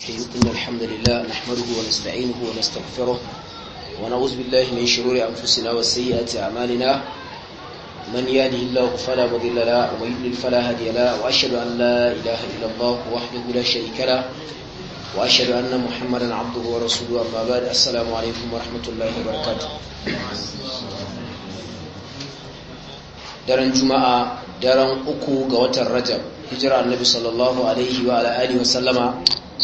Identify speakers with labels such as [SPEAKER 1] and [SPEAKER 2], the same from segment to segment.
[SPEAKER 1] إن الحمد لله نحمده ونستعينه ونستغفره ونعوذ بالله من شرور أنفسنا وسيئات أعمالنا من يهده الله فلا مضل له ومن يضلل فلا هادي له وأشهد أن لا إله إلا الله وحده لا شريك له وأشهد أن محمدا عبده ورسوله أما بعد السلام عليكم ورحمة الله وبركاته daren juma'a daren uku ga watan rajab hijira annabi sallallahu alaihi wa alihi wa sallama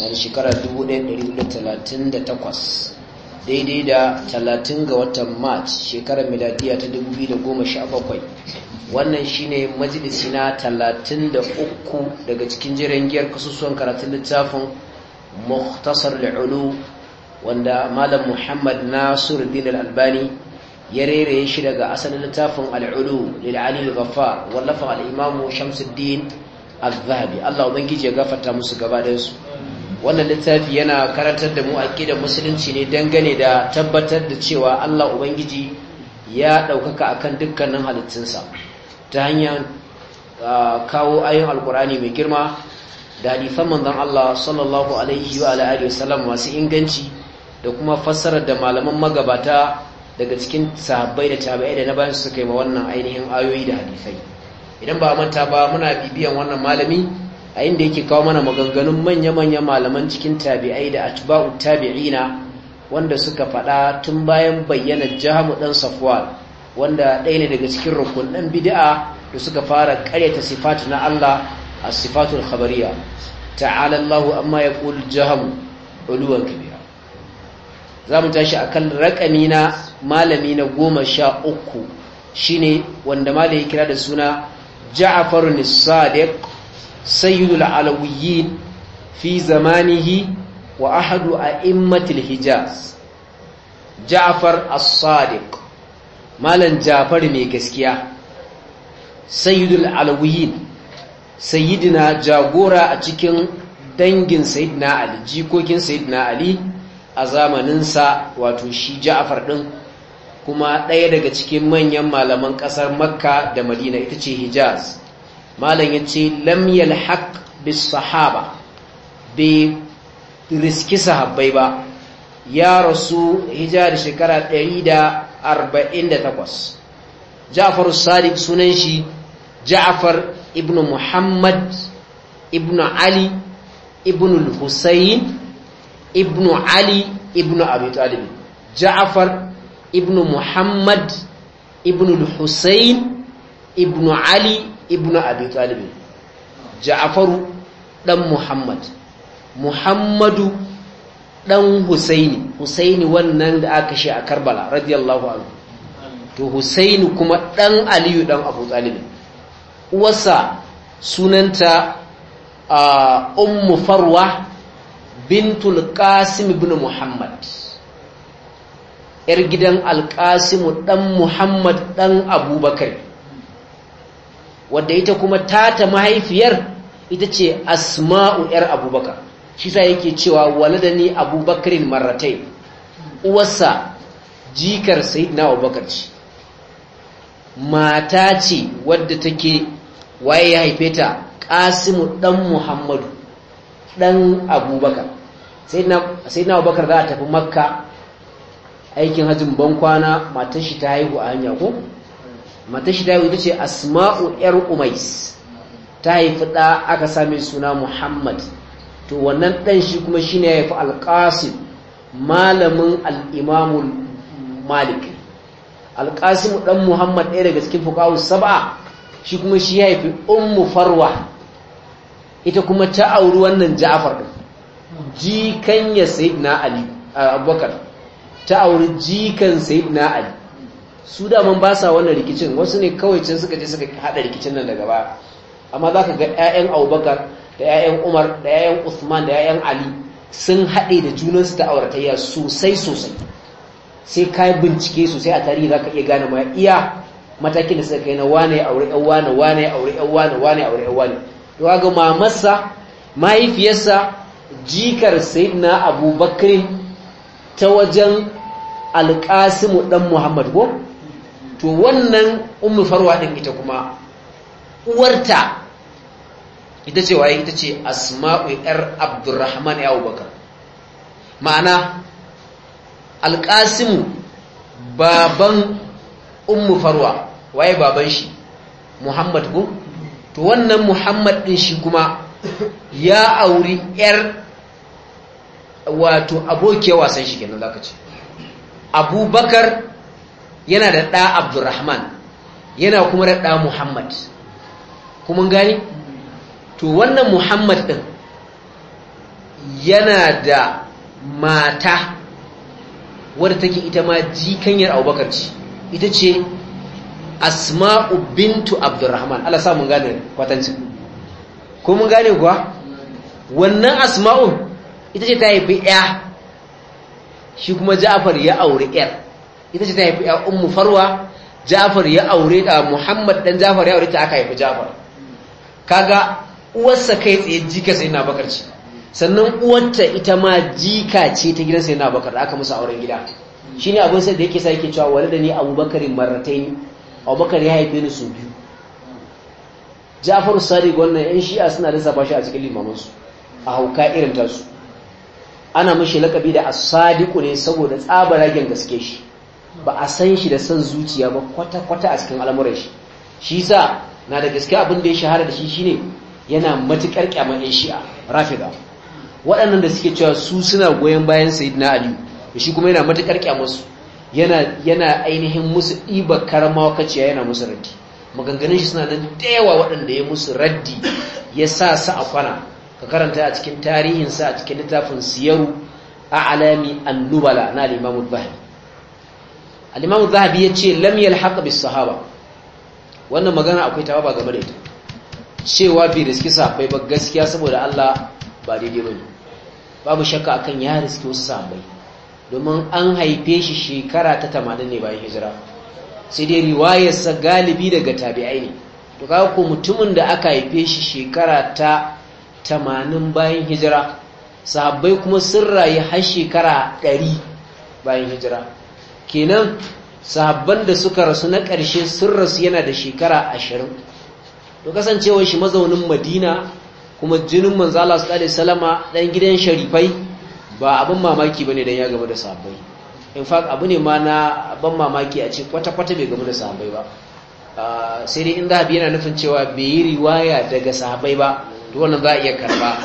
[SPEAKER 1] na da shekarar 1438 daidai da 30 ga watan march shekarar miladiya ta 2017 wannan shine majalisi na 33 daga cikin jirangiyar kasusuwan karatun littafin muhtasar al'ulu wanda malam muhammad nasir din al'albani ya rere shi daga asalin littafin al'ulu lil'ali al wallafa al'imamu shamsuddin al-zahabi allah ubangiji ya gafarta musu gaba da su wannan littafi yana karantar da mu aqidar musulunci ne dangane da tabbatar da cewa Allah ubangiji ya ɗaukaka akan dukkanin halittunsa ta hanyar kawo ayin alkurani mai girma da hadisan manzan Allah sallallahu alaihi wa alihi wasallam masu inganci da kuma fassarar da malaman magabata daga cikin sahabbai da tabi'ai da na bayan su yi ma wannan ainihin ayoyi da hadisai idan ba manta ba muna bibiyan wannan malami a inda yake kawo mana maganganun manya-manya malaman cikin tabi'ai da atba'u tabi'ina wanda suka fada tun bayan bayyana jahamu dan safwal wanda ɗaya ne daga cikin rukun dan bid'a da suka fara ƙaryata sifatu na Allah a sifatul khabariya ta'ala Allahu amma ya kul jahamu uluwan kabira za tashi akan rakami na malami na goma sha uku shine wanda malai kira da suna ja'farun sadiq sayyidul alawiyin fi zamanihi wa ahadu a'immatil hijaz ja'far as-sadiq malan ja'far mai gaskiya sayyidul alawiyin sayyidina jagora a cikin dangin sayyidina ali jikokin sayyidina ali a zamaninsa wato shi ja'far din kuma ɗaya daga cikin manyan malaman ƙasar makka da madina ita ce hijaz malam ya ce lam yalhaq bis sahaba bai riski sahabbai ba ya rasu hijar shekara 148 Jafaru Sadiq sunan shi Ja'far ibn Muhammad ibn Ali ibn Hussein ibn Ali ibn Abi Talib Ja'far ibn Muhammad ibn Hussein ibn Ali ibnu abi talib ja'faru dan muhammad muhammadu dan husaini husaini wannan da aka shi a karbala radiyallahu anhu to husaini kuma dan aliyu dan abu talib uwarsa sunanta ummu farwa bintul qasim ibn muhammad yar gidan alqasim dan muhammad dan abubakar wadda ita kuma tata mahaifiyar ita ce asma'u yar abubakar shi sa yake cewa walada ni abubakarin maratai, uwarsa jikar na abubakar ce mata ce wadda take waye ya haife ta ƙasimu dan muhammadu dan abubakar na abubakar za a tafi makka aikin hajjin bankwana matashi ta haihu a hanya ko Mata shi dawo ita ce asma'u yar umais ta haifi ɗa aka sami suna muhammad to wannan ɗan shi kuma shi ne ya haifi alƙasim malamin al’imamun malik alƙasim ɗan muhammad ɗaya daga cikin fukawun saba shi kuma shi ya haifi ummu farwa ita kuma ta auri wannan ja'afar ɗin jikan ya sayi na ali abubakar ta auri jikan sayi na ali su daman ba sa wannan rikicin wasu ne kawai can suka je suka haɗa rikicin nan daga ba amma za ka ga 'ya'yan abubakar da 'ya'yan umar da 'ya'yan usman da 'ya'yan ali sun haɗe da junansu ta auratayya sosai sosai sai ka bincike sosai a tarihi za ka iya gane ma iya matakin da suka kai na wane aure yan wane wane aure yan wane wane aure yan wane to ga mamarsa mahaifiyarsa jikar sayyidina abubakar ta wajen Alƙasimu dan muhammad ko to wannan ummu farwa din ita kuma uwarta ita ce waye ita ce asma'u yar abdurrahman ya abubakar ma'ana alƙasimu baban ummu farwa waye baban shi muhammad ko to wannan muhammad din shi kuma ya auri yar wato abokiyar wasan shi kenan zaka ce abubakar yana da ɗa abdurrahman yana kuma da ɗa muhammad kuma gani to wannan muhammad ɗin yana da mata wadda take ita ma jikanyar abubakar ce ita ce asma'u bintu abdurrahman Allah sa mun gane kwatanci ko mun gane kuwa wannan asma'u ita ce ta haifi ya shi kuma ja'afar ya aure yar ita ce ta haifi ya mu farwa jafar ya aure ta muhammad dan jafar ya aure ta aka haifi jafar kaga uwarsa kai tsaye jika sai na bakar ce sannan uwarta ita ma jika ce ta gidan sai na bakar da aka musu auren gida Shi ne abin sai da yake sake yake wani da ni abubakarin marrataini abubakar ya haife ni su biyu jafaru sadiq wannan yan shi'a suna da sabashi a cikin limamansu a hauka irin tasu ana mashi lakabi da asadiku ne saboda tsabaragen gaske shi ba a san shi da san zuciya ba kwata-kwata a cikin al'amuran shi shi sa na da gaske abin da ya shahara da shi shine yana matukar kyamar yan shi'a rafida waɗannan da suke cewa su suna goyon bayan Aliyu, ali shi kuma yana matukar kyamar su yana ainihin musu ɗiba karama kaciya yana musu raddi maganganun shi suna nan da yawa waɗanda ya musu raddi ya sa su a kwana ka karanta a cikin tarihinsa a cikin littafin siyaru a alami annubala na limamu bahari al-imam ya ce, lam yalhaq bis sahaba wannan magana akwai ta ba game da ita cewa bai riski sahabbai ba gaskiya saboda Allah ba daidai bane babu shakka akan ya riski wasu sahabbai domin an haife shi shekara ta 80 ne bayan hijira sai dai riwayarsa galibi daga tabi'ai ne to kawo ko mutumin da aka haife shi shekara ta tamanin bayan hijira sahabbai kuma sun rayu har shekara ɗari bayan hijira kenan sahabban da suka rasu na ƙarshe sun rasu yana da shekara ashirin to kasancewar shi mazaunin madina kuma jinin Manzala su ɗari salama ɗan gidan sharifai ba abin mamaki ba ne don ya gamu da sahabbai in fact abu ne ma na ban mamaki a ce kwata kwata bai gamu da sahabbai ba ah, sai dai in zahabi yana nufin cewa bai yi riwaya daga sahabai ba to wannan za a iya karba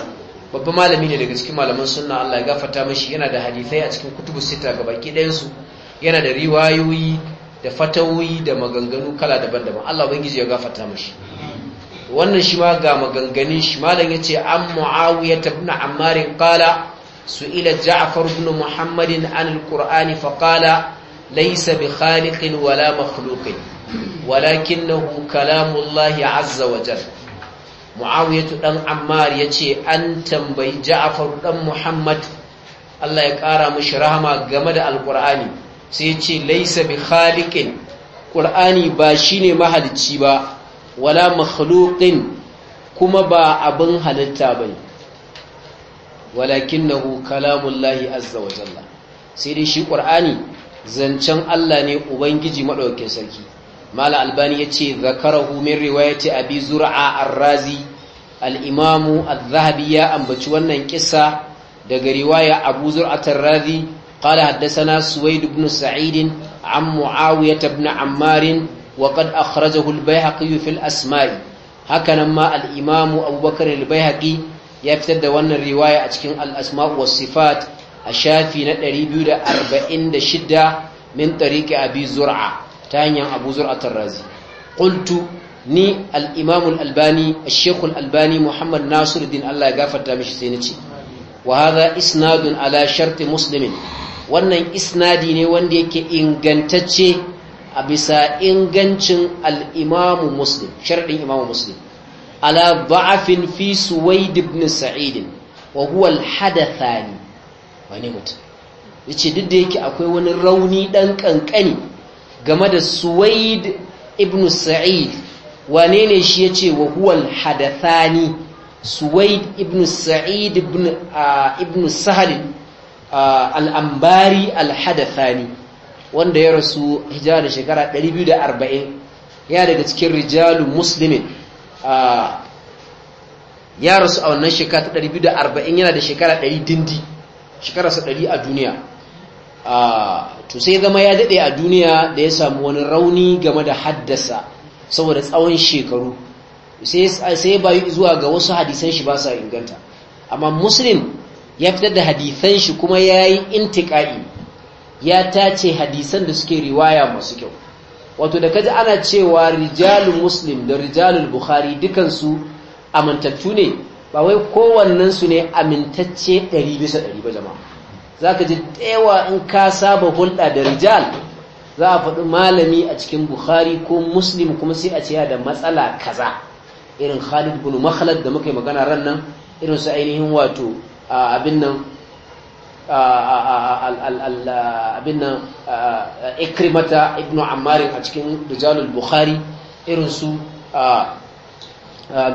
[SPEAKER 1] babban malami ne daga cikin malaman sunna Allah ya gafata mashi yana da hadisai a cikin kutubu sita ga baki ɗayansu yana da riwayoyi da fatawoyi da maganganu kala daban-daban Allah ubangiji ya gafarta mashi wannan shi ma ga maganganun shi malam yace an muawiya ibn ammar qala su'ila ja'far ibn muhammadin an alqur'ani fa qala laysa bi khaliqin wala makhluqin walakinahu kalamullahi azza wa jalla muawiya dan ammar yace an tambayi ja'far dan muhammad Allah ya kara mishi rahama game da alqur'ani sai ce laisa bi khaliqin qur'ani ba shine mahalicci ba wala makhluqin kuma ba abin halitta bane walakinahu kalamullahi azza wa jalla sai dai shi qur'ani zancen Allah ne ubangiji madaukakin sarki mala albani yace zakarahu min riwayati abi zur'a ar-razi al-imamu adh-dhahabi ya ambaci wannan kissa daga riwaya abu zur'a ar-razi قال حدثنا سويد بن سعيد عن معاوية بن عمار وقد أخرجه البيهقي في الأسماء هكذا ما الإمام أبو بكر البيهقي يفتد وأن الرواية أتكين الأسماء والصفات الشافي نتري بيودة أربعين شدة من طريق أبي زرعة تانيا أبو زرعة الرازي قلت ni al'imamul albani shekul albani muhammad nasiruddin allah ya gafarta mishi sai na ce wa isnadin ala sharti wannan isnadi ne wanda yake ingantacce a bisa ingancin al'imamu imamu muslim sharadin imamu muslim ala ba'afin fi suwaid ibn Sa'idin, wa huwa al-hadathani wani mutum yace duk da yake akwai wani rauni dan kankani game da suwaid ibn sa'id wane ne shi yace wa huwa al-hadathani suwaid ibn sa'id ibn ibn sahal al-ambari al-hadathani wanda ya rasu hijira da shekara 240 ya daga cikin rijalu muslimin ya rasu a wannan shekara ta 240 yana da shekara 100 dindi shekararsa 100 a duniya to sai zama ya daɗe a duniya da ya samu wani rauni game da haddasa saboda tsawon shekaru sai yi zuwa ga wasu hadisan shi ba sa inganta amma muslim ya fitar da hadisan shi kuma ya yi intiƙa'i ya tace hadisan da suke riwaya masu kyau wato da kaji ana cewa rijalul muslim da rijalul bukhari dukansu amintattu ne ba wai su ne amintacce 100 bisa 100 ba jama'a za ka ji ɗewa in ka saba hulɗa da rijal za a faɗi malami a cikin bukhari ko muslim kuma sai a ce da matsala kaza irin Khalid bin Makhlad da muka yi magana ran nan irin su ainihin wato abin nan abin nan ikrimata ibn ammar a cikin rijalul bukhari irin su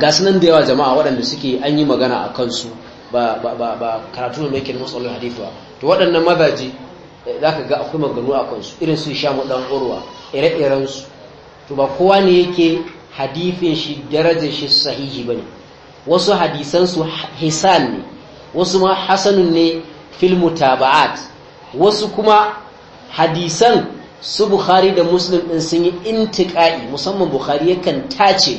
[SPEAKER 1] gasu nan da yawa jama'a waɗanda suke an yi magana a kansu ba karatu ne mai hadifa hadithu ba to waɗannan mazaji za ka ga akwai maganu a kansu irin su shamu ɗan urwa ire su to ba kowa ne yake hadithin shi darajar shi sahihi bane wasu hadisan su hisan ne wasu ma hasanun ne fil mutaba'at wasu kuma hadisan su bukhari da muslim din sun yi intiqai musamman bukhari yakan tace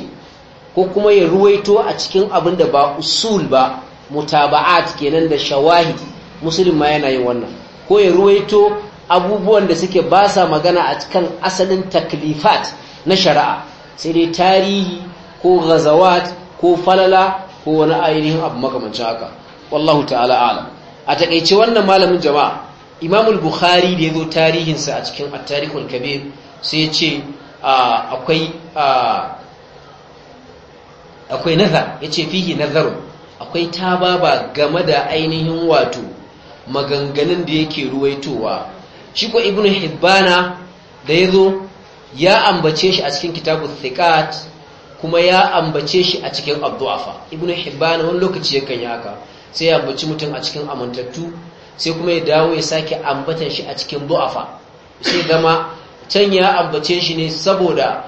[SPEAKER 1] ko kuma ya ruwaito a cikin abin da ba usul ba mutaba'at kenan da shawahid muslim ma yana yin wannan ko ya ruwaito abubuwan da suke ba sa magana a cikin asalin taklifat na shari'a sai dai tarihi ko ghazawat ko falala ko wani ainihin abu makamancin haka wallahu ta'ala alam a takeice wannan malamin jama'a imamul bukhari da yazo tarihinsa a cikin at-tarikhul kabir sai ya ce akwai akwai nazar yace fihi nazaru akwai tababa game da ainihin wato maganganun da yake ruwaitowa shi ko ibnu hibbana da yazo ya ambace shi a cikin kitabu thiqat kuma ya ambace shi a cikin abdu'afa ibnu hibban wani lokaci yakan yi haka sai ya ambaci mutum a cikin amintattu sai kuma ya dawo ya sake ambatan shi a cikin du'afa sai zama can ya ambace shi ne saboda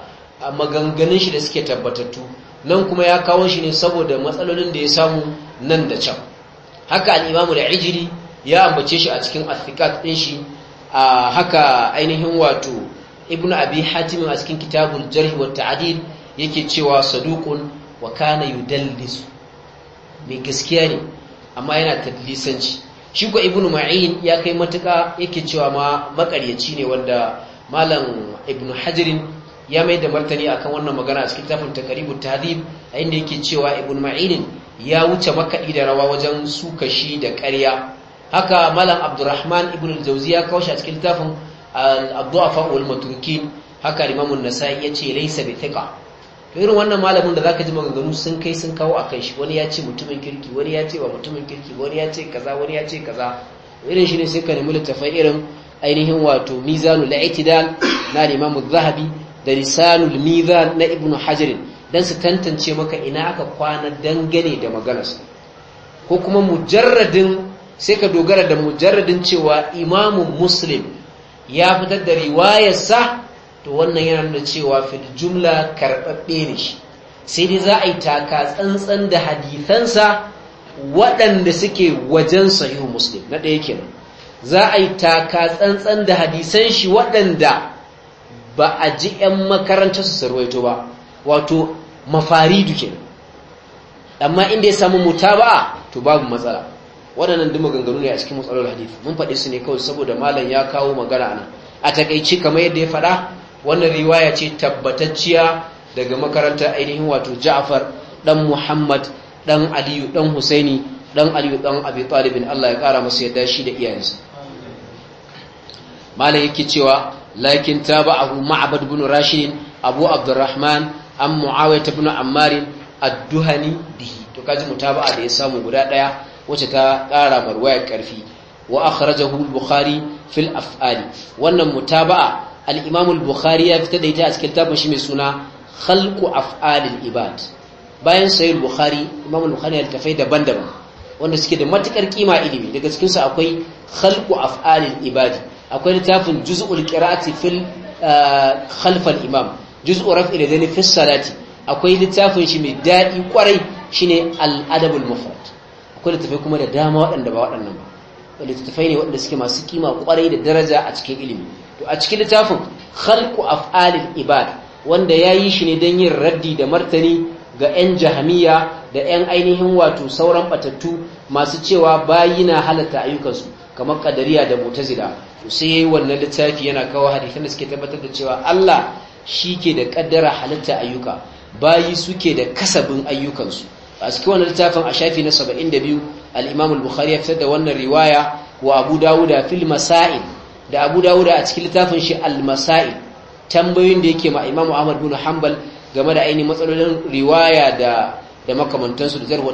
[SPEAKER 1] maganganun shi da suke tabbatattu nan kuma ya kawo shi ne saboda matsalolin da ya samu nan da can haka al-imamu da ijiri ya ambace shi a cikin athiqat din shi a haka ainihin wato ibnu abi hatim a cikin kitabul jarh wa ta'dil yake cewa saduqun wa kana yudallis mai gaskiya ne amma yana tadlisanci shi ko ibnu ma'in ya kai matuka yake cewa ma makaryaci ne wanda malam ibnu hajirin ya mai da martani akan wannan magana a cikin tafin takaribu tahdib a inda yake cewa ibnu ma'in ya wuce makaɗi da rawa wajen suka shi da ƙarya haka malam abdurrahman ibnu jauzi ya kawo shi a cikin tafin ad-du'afa haka Imam an-Nasa'i yace laysa bi thiqa to irin wannan malamin da zaka ji maganganu sun kai sun kawo akan shi wani ya ce mutumin kirki wani ya ce ba mutumin kirki wani ya ce kaza wani ya ce kaza irin shi ne sai ka nemi littafai irin ainihin wato mizanul i'tidal na Imam zahabi da risalul mizan na Ibn Hajar dan su tantance maka ina aka kwana dangane da maganarsa ko kuma mujarradin sai ka dogara da mujarradin cewa imamun muslim ya fitar da riwayarsa to wannan yana da cewa fil jumla karɓaɓɓe ne shi sai dai za a yi taka tsantsan da hadithansa waɗanda suke wajen sahihu muslim na ɗaya kenan za a yi taka tsantsan da hadisan shi waɗanda ba a ji 'yan makarantar su sarwaito ba wato mafaridu kenan amma inda ya samu mutaba to babu matsala waɗannan duk maganganu ne a cikin matsalar hadith mun faɗi su ne kawai saboda malam ya kawo magana nan a takaici kamar yadda ya faɗa wannan riwaya ce tabbatacciya daga makaranta ainihin wato Ja'far dan Muhammad dan Aliyu dan Husaini dan Aliyu dan Abi Talib Allah ya kara masa yadda shi da iyayensa malam yake cewa lakin tabahu Ma'bad ibn Rashid Abu Abdurrahman an Muawiyah ibn Ammar ad-Duhani yi. to kaji mutaba'a da ya samu guda ɗaya. wacce ta ƙara marwayar ƙarfi wa akhrajahu al-bukhari fil af'ali wannan mutaba'a al-imam al-bukhari ya fita da ita a cikin tabin shi mai suna khalqu af'alil ibad bayan sahih al-bukhari imam al-bukhari ya tafai daban-daban wanda suke da matukar kima ilimi daga cikin su akwai khalqu af'alil ibad akwai littafin juz'ul qira'ati fil eh, khalfal imam juz'u raf'i da dani fi salati akwai littafin shi mai daɗi kwarai shine al-adabul mufrad akwai littattafai kuma da dama waɗanda ba waɗannan ba littattafai ne waɗanda suke masu kima ƙwarai, da daraja a cikin ilimi to a cikin littafin khalqu af'alil ibad wanda ya yi shi ne don yin raddi da martani ga 'yan jahamiya da 'yan ainihin wato sauran batattu masu cewa bayi na halatta ayyukansu kamar ƙadariya da mutazila to sai yayi wannan littafi yana kawo hadisan da suke tabbatar da cewa Allah shi ke da kaddara halatta ayyuka bayi suke da kasabin ayyukansu a cikin wannan littafin a shafi na 72 al al-Bukhari ya fitar da wannan riwaya wa Abu Dawuda fil Masail da Abu Dawuda a cikin littafin shi al-Masail tambayoyin da yake ma Imam Ahmad bin Hanbal game da ainihin matsalolin riwaya da da makamantansu da zarwa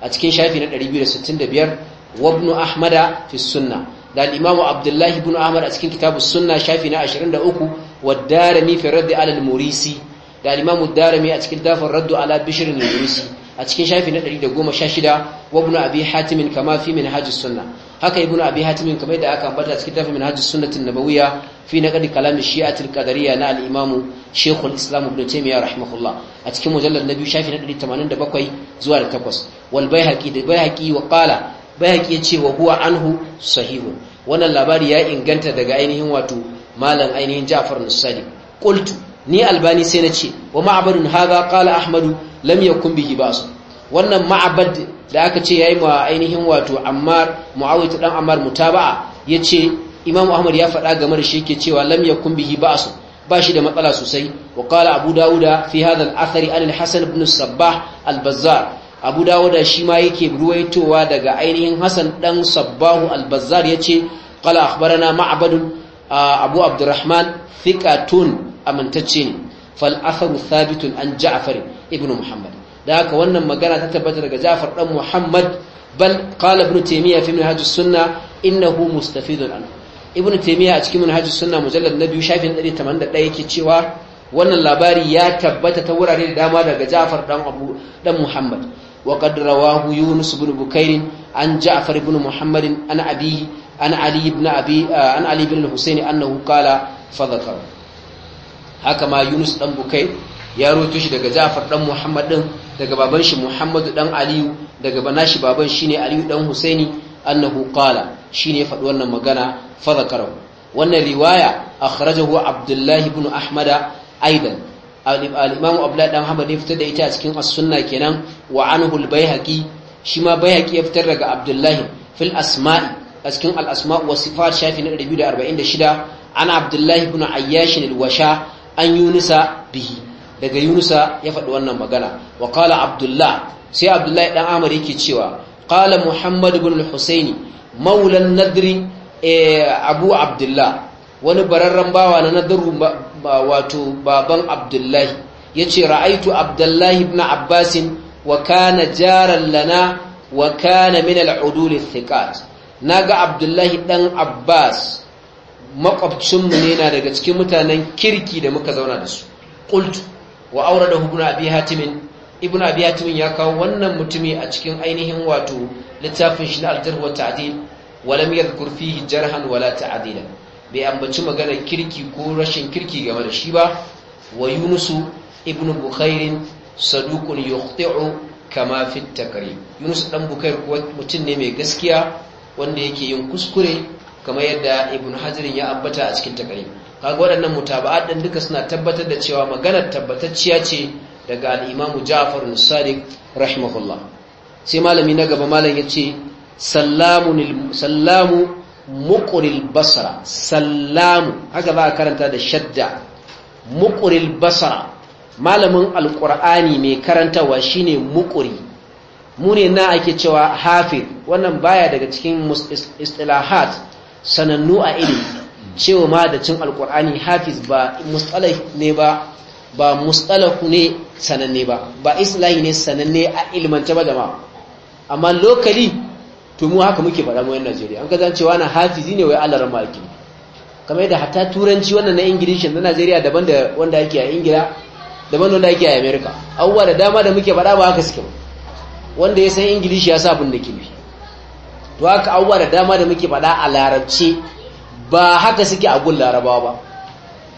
[SPEAKER 1] a cikin shafi na 265 wa Ibn Ahmada fi Sunnah da al-Imam Abdullah ibn Ahmad a cikin kitabus Sunnah shafi na 23 wa Darimi fi Radd al-Murisi da al-Imam Darimi a cikin dafin Radd ala Bishr al-Murisi a cikin shafi na 116 wa na abi hatimin kama fi minhajus sunna haka ibn abi hatimin kamar da aka ambata cikin tafi suna sunnatin nabawiyya fi naqdi kalam shi'atil qadariyya na al-imam shaykhul islam ibn rahimahullah a cikin mujallar na biyu shafi na 187 zuwa da 8 wal da baihaqi wa qala ya ce wa huwa anhu sahihu? wannan labari ya inganta daga ainihin wato malam ainihin Ja'far an-Sadiq qultu ni albani sai na ce wa ma'abadun haza kala ahmadu lam yakun bihi ba's wannan ma'abad da aka ce yayi ma ainihin wato ammar muawiyah dan ammar mutaba'a yace imam ahmad ya faɗa game da shi yake cewa lam yakun bihi ba's ba shi da matsala sosai wa kala abu dauda fi hadha al-athari an al-hasan ibn sabbah al-bazzar abu dauda shi ma yake ruwaitowa daga ainihin hasan dan sabbahu al-bazzar yace qala akhbarana ma'bad abu abdurrahman thiqatun amintacce ne fal atharu thabitun an ja'far ibn muhammad da haka wannan magana ta tabbata daga ja'far dan muhammad bal qala ibn taymiya fi minhaj sunna innahu mustafidun an ibn taymiya a cikin minhaj sunna mujallad na biyu shafin 181 yake cewa wannan labari ya tabbata ta wurare da dama daga ja'far dan abu dan muhammad وقد رواه يونس بن بكير عن جعفر بن محمد عن أبيه عن علي بن أبي عن علي بن الحسين أنه قال haka ma yunus dan bukai ya roto shi daga ja'far dan muhammad din daga baban shi muhammadu dan aliyu daga shi baban shine aliyu dan husaini annahu qala shine faɗi wannan magana fa wannan riwaya akhrajahu abdullahi ibn ahmada aidan al-imamu abdullahi dan ahmad ya fitar da ita a cikin as-sunna kenan wa anhu al-baihaqi shi ma baihaqi ya fitar daga abdullahi fil asma'i a cikin al-asma' wa sifat shafi na 246 an abdullahi ibn ayyash al-washa an Yunisa bihi daga yunusa ya faɗi wannan magana wa qala abdullah sai abdullahi ɗan amr yake cewa qala muhammad bin husaini maula nadri eh, abu abdullah wani bararren bawa na nadaru wato baban abdullahi yace ra'aitu abdullahi ibn abbasin wa kana jaran lana wa kana min al thiqat naga abdullahi dan abbas makwabcinmu ne na daga cikin mutanen kirki da muka zauna da su ƙult wa da ibn abi hatimin ibn abi hatimin ya kawo wannan mutumi a cikin ainihin wato littafin shi na al wa ta'dil wa lam yadhkur fihi jarhan wala ta'dilan bai ambaci maganar kirki ko rashin kirki game da shi ba wa yunusu ibn bukhair Sadukun yukhti'u kama fi at-takrib yunus dan bukhair kuwa mutum ne mai gaskiya wanda yake yin kuskure kamar yadda ibn hajirin ya ambata a cikin takarim kaga waɗannan mutaba'at ɗin duka suna tabbatar da cewa maganar tabbatacciya ce daga al'imamu ja'far sadiq rahimahullah sai malami na gaba malam ya ce sallamu muƙuril basara sallamu haka za a karanta da shadda muƙuril basara malamin alƙur'ani mai karantawa shine muƙuri mu ne na ake cewa hafi wannan baya daga cikin istilahat sanannu a ilimi cewa ma da cin alkur'ani hafiz ba mustalah ne ba ba mustalahu ne sananne ba ba islahi ne sananne a ilmance ba jama'a amma lokali to mu haka muke faɗa mu yan Najeriya an kaza cewa na hafizi ne wai Allah rama ake kamar yadda hatta turanci wannan na Ingilishi na Najeriya daban da wanda yake a Ingila daban da wanda yake a America abubuwa da dama da muke faɗa ba haka suke wanda ya san Ingilishi ya sa abin da ke bi to haka abubuwa da dama da muke faɗa a larabci ba haka suke a gun larabawa ba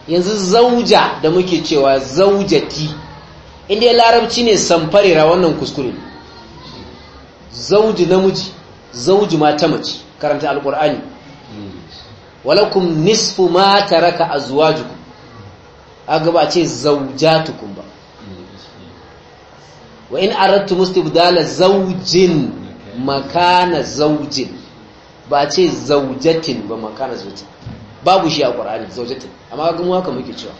[SPEAKER 1] yanzu zauja da muke cewa zaujati inda larabci ne samfarera wannan kuskure zauji namiji zauji mata mace karanta alkur'ani walakum nisfu ma taraka azwajukum aga ba ce zaujatukum ba wa in aradtum istibdala zawjin makana zaujin ba ce zaujatin ba makana zaujatin babu shi a ƙwararri zaujatin amma kuma haka muke cewa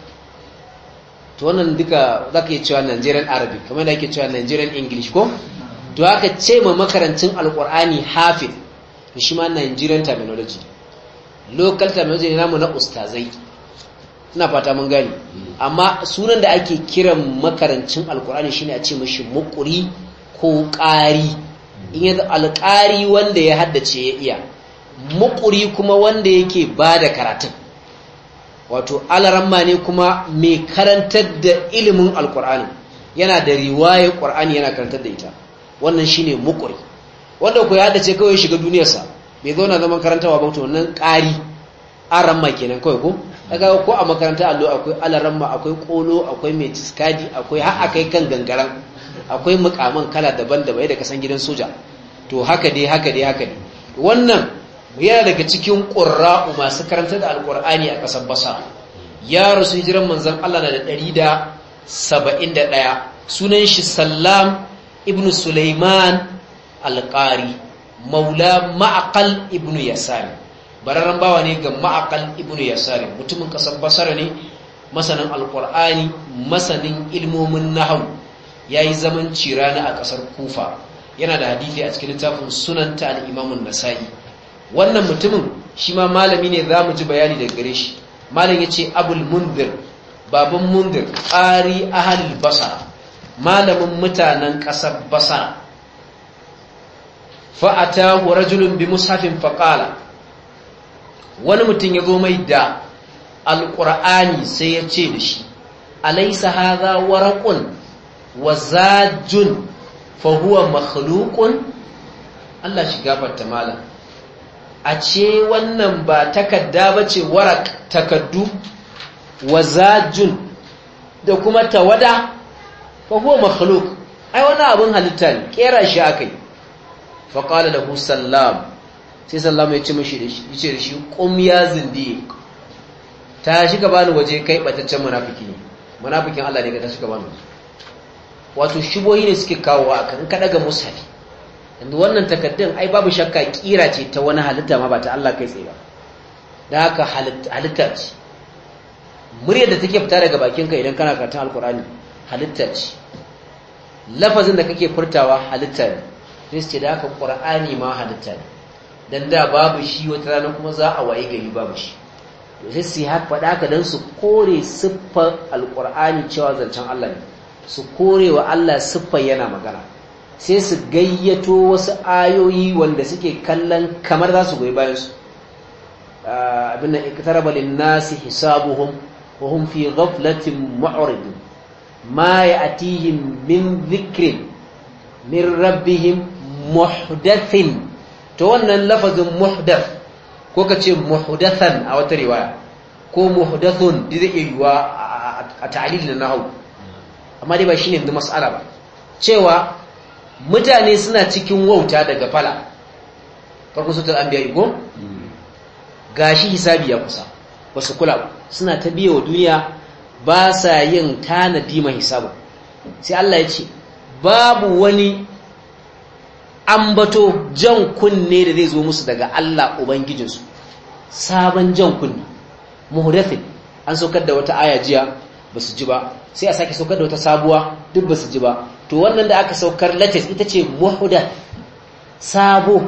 [SPEAKER 1] to wannan duka za ka yi cewa nigerian arabic kamar da ake cewa nigerian english ko to haka ce ma makarancin alƙwararri hafin shi ma nigerian terminology local terminology ne namu na ustazai ina fata mun gani amma sunan da ake kiran makarancin alkur'ani shine a ce mashi mukuri ko ƙari in ya alƙari wanda ya haddace ya iya muƙuri kuma wanda yake ba da karatun wato alaramma ne kuma mai karantar da ilimin alƙur'ani yana da riwayar ƙur'ani yana karantar da ita wannan shine muƙuri wanda ku ya haddace kawai shiga duniyarsa bai zauna zama karantawa ba to nan ƙari aramma kenan kawai ko daga ko a makarantar allo akwai alaramma akwai kolo akwai mai tiskadi akwai har akai kan gangaran akwai mukaman kala daban-daban yadda kasan gidan soja to haka dai haka dai haka ne wannan yana daga cikin ƙura'u masu karanta da alƙur'ani a ƙasar basa ya rasu hijiran manzan Allah na da ɗari da saba'in da ɗaya sunan shi sallam ibn suleiman alƙari maula ma'aƙal ibnu yasari bararren bawa ne ga ma'aƙal ibnu yasari mutumin ƙasar basara ne masanin alƙur'ani masanin ilmomin nahawu ya yi zaman cirana a ƙasar kufa yana da hadithi a cikin littafin sunanta al'imamun nasa'i wannan mutumin shi ma malami ne za mu ji bayani da gare shi malam ya ce abul mundir baban mundir ƙari ahalil basara malamin mutanen ƙasar basara fa'ata wa rajulun bi musafin faƙala wani mutum ya zo mai da alƙur'ani sai ya ce da shi alaisa haza waraƙun wazajun fahuwa makhlukun Allah shi gafarta malam a ce wannan ba takadda ba ce warak takaddu wazajun da kuma tawada fa huwa ai wani abun halitta ne kera shi akai fa qala lahu sallam sai sallam ya ce mishi da shi yace da shi ƙum ya zindi ta shiga bani waje kai bataccen munafiki ne munafikin Allah ne ka ta shiga bani wato shubohi ne suke kawo a kan ka daga musali yanzu wannan takaddun ai babu shakka kira ce ta wani halitta ma ba ta Allah kai tsaye ba da haka halitta ce muryar da take fita daga bakin ka idan kana karatun alkur'ani halitta ce lafazin da kake furtawa halitta ne ce da haka qur'ani ma halitta ne dan da babu shi wata rana kuma za a waye gari babu shi to sai su haka faɗa ka dan su kore siffar alkur'ani cewa zancen Allah ne su kore wa Allah siffa yana magana sai su gayyato wasu ayoyi wanda suke kallon kamar za su goyi bayan su ah, abin da iktaraba hisabu hisabuhum wa hum fi ghaflatin mu'ridun ma ya'tihim min dhikrin min rabbihim muhdathin to wannan lafazin muhdath ko ka ce muhdathan a wata riwaya ko muhdathun zai iya yiwa a ta'alil na hau. amma dai ba shi ne yanzu mas'ala ba cewa mutane suna cikin wauta daga fala farko biya anbiya ga shi hisabi ya kusa ba su kula suna ta biya wa duniya ba sa yin tanadi mai hisabu sai Allah ya ce babu wani ambato jan kunne da zai zo musu daga Allah ubangijinsu sabon jan kunne muhurafin an saukar da wata aya jiya ba su ji ba sai a sake saukar da wata sabuwa duk ba su ji ba to wannan da aka saukar latest ita ce muhdath sabo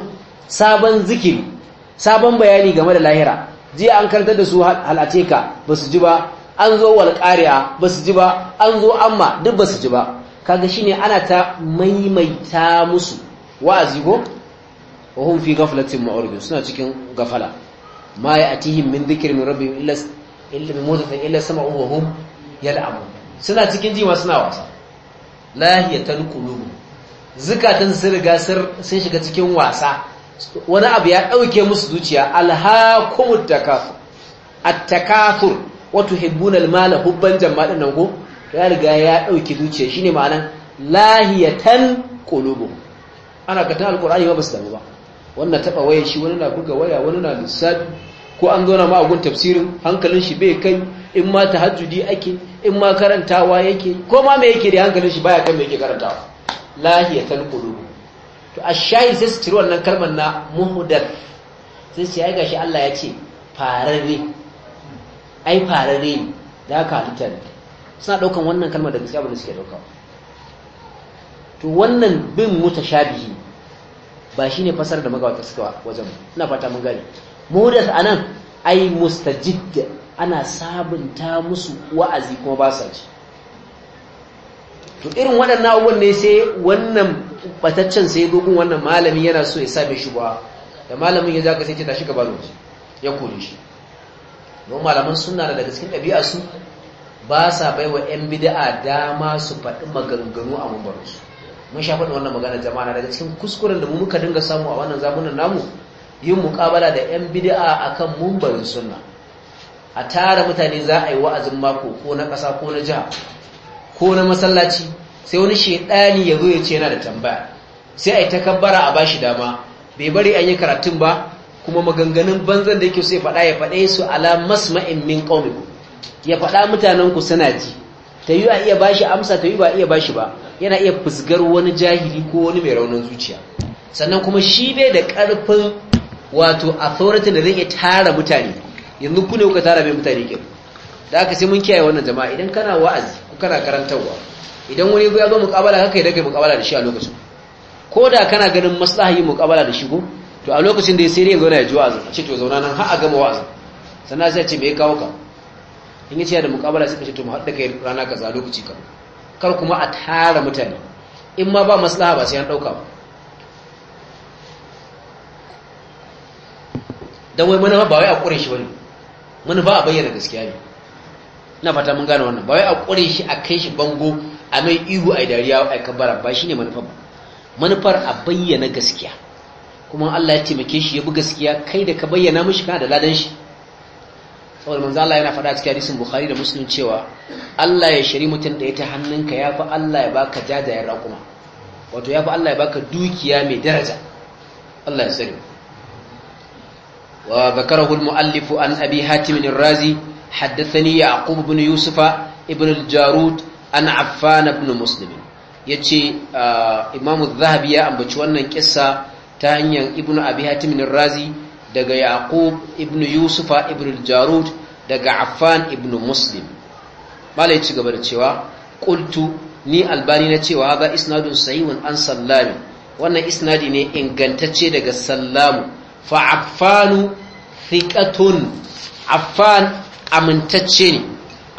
[SPEAKER 1] sabon zikiri sabon bayani game da lahira jiya an karta da su halateka ba su ji ba an zo walƙariya basu ba su ji ba an zo amma duk ba su ji ba kaga shine ana ta maimaita musu wa'azi ko wa hum fi ghaflatin mu'ridun suna cikin gafala ma ya'tihim min dhikrin rabbihim illa illa bi mudatin illa sama'u yal'amun suna cikin jima suna wasa lahiyatan qulubu zukatan sun riga sun shiga cikin wasa wani abu ya dauke musu zuciya alhaqumut Takafur. at-takathur wa tuhibbuna mala hubban jamaa nan ya riga ya dauke zuciya shine ma'anan lahiyatan qulubu ana kata alqur'ani ba basu damu ba wannan taba waya shi wani na buga waya wani na lissafi ko an zauna ma a gun tafsirin hankalin shi bai kai in ma tahajjudi ake in ma karantawa yake ko ma me yake da hankalin shi baya kan me yake karantawa lahiyatul qulub to ash-shayi sai su ciri wannan kalmar na muhdath sai su yi gashi Allah ya ce farare ai farare da ka halittar suna daukan wannan kalmar da gaskiya ba da suke dauka to wannan bin mutashabihi ba shine fasar da magawata suka wajen ina fata mun gane muhdath anan ai mustajid ana sabunta musu wa'azi kuma ba sa ji to irin waɗannan abubuwan ne sai wannan bataccen sai dogon wannan malami yana so ya same shi ba da malamin ya zaka sai ce tashi gaba lokaci ya kore shi don malaman suna da daga cikin ɗabi'a su ba sa bai wa 'yan bida'a dama su faɗi maganganu a mumbarinsu mun sha faɗi wannan magana jama'a daga cikin kuskuren da mu muka dinga samu a wannan zamanin namu yin muƙabala da 'yan bida'a akan mumbarin sunna a tara mutane za a yi wa'azin mako ko na ƙasa ko na jiha ko na masallaci sai wani shaidani ya zo ya ce yana da tambaya sai a yi takabbara a bashi dama bai bari an yi karatun ba kuma maganganun banzan da yake sai faɗa ya faɗe su ala masma'in min ya faɗa mutanen ku suna ji ta yi a iya bashi amsa ta yi ba iya bashi ba yana iya fusgar wani jahili ko wani mai raunin zuciya sannan kuma shi bai da ƙarfin wato authority da zai iya tara mutane yanzu ku ne kuka tara mai mutane ke? da aka sai mun kiyaye wannan jama'a idan kana wa'azi ko kana karantarwa idan wani ya zo muƙabala kai da kai muƙabala da shi a lokacin ko da kana ganin maslaha yi muƙabala da shi ko to a lokacin da sai dai zauna ya ji wa'azi ce to zauna nan har a gama wa'azi sannan sai ce me ya kawo ka in yace da muƙabala sai ka ce to mu hadda kai rana kaza lokaci ka kar kuma a tara mutane in ma ba maslaha ba sai an ɗauka ba wai manufa ba wai a ƙure shi wani mun ba a bayyana gaskiya ne ina fata mun gane wannan ba wai a kure shi a kai shi bango a mai ihu a dariya a kabara ba shine manufar manufar a bayyana gaskiya kuma Allah ya taimake shi ya bi gaskiya kai da ka bayyana mishi kana da ladan shi saboda manzo Allah yana faɗa cikin hadisin Bukhari da Muslim cewa Allah ya shari mutum da ya ta hannunka fa Allah ya baka jajayen raƙuma wato ya fa Allah ya baka dukiya mai daraja Allah ya sani وذكره المؤلف an abi هاتم الرازي حدثني يعقوب بن يوسف ابن الجارود عن عفان بن مسلم yace Imam Zahabi ya ambaci wannan kissa ta hanyar Ibn Abi razi daga Yaqub ibn Yusufa ibn Jarud daga Affan ibn Muslim malai ci gaba da cewa kultu ni albani na cewa hadha isnadun sahihun an sallami wannan isnadi ne ingantacce daga sallamu faafanu thiqatun afan amintacce ne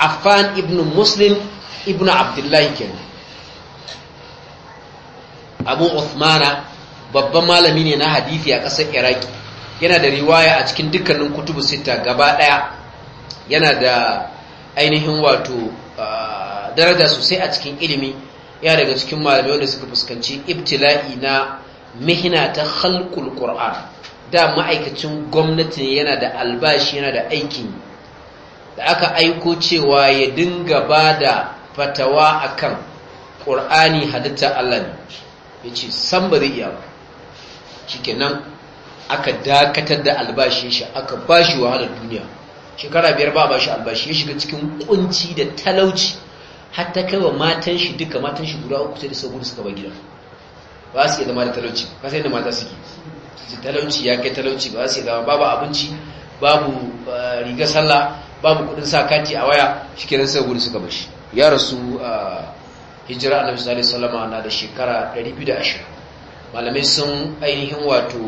[SPEAKER 1] afan ibn muslim ibn abdullahi kenan abu uthmana babban malami ne na hadisi a ƙasar iraki yana da riwaya a cikin dukkanin kutubu sita gaba ɗaya yana da ainihin wato daraja sosai a cikin ilimi ya daga cikin malamai wanda suka fuskanci ibtila'i na mihina ta halkul da ma'aikacin gwamnati yana da albashi yana da aikin da aka aiko cewa ya dinga ba da fatawa a kan ƙur'ani halitta Allah ne ya ce san ba zai iya ba shi nan aka dakatar da albashin shi aka ba shi wahalar duniya shekara biyar ba ba shi albashi ya shiga cikin kunci da talauci har kai wa matan shi duka matan shi guda uku sai da da suka ba gida. ba su iya zama da talauci ba sai da mata suke su talauci ya kai talauci ba su zama babu abinci babu eh, riga sallah babu kudin sa kati a waya shikenan sai gudu suka bashi ya rasu eh, hijira annabi sallallahu alaihi wasallam na da shekara 220 malamai sun ainihin wato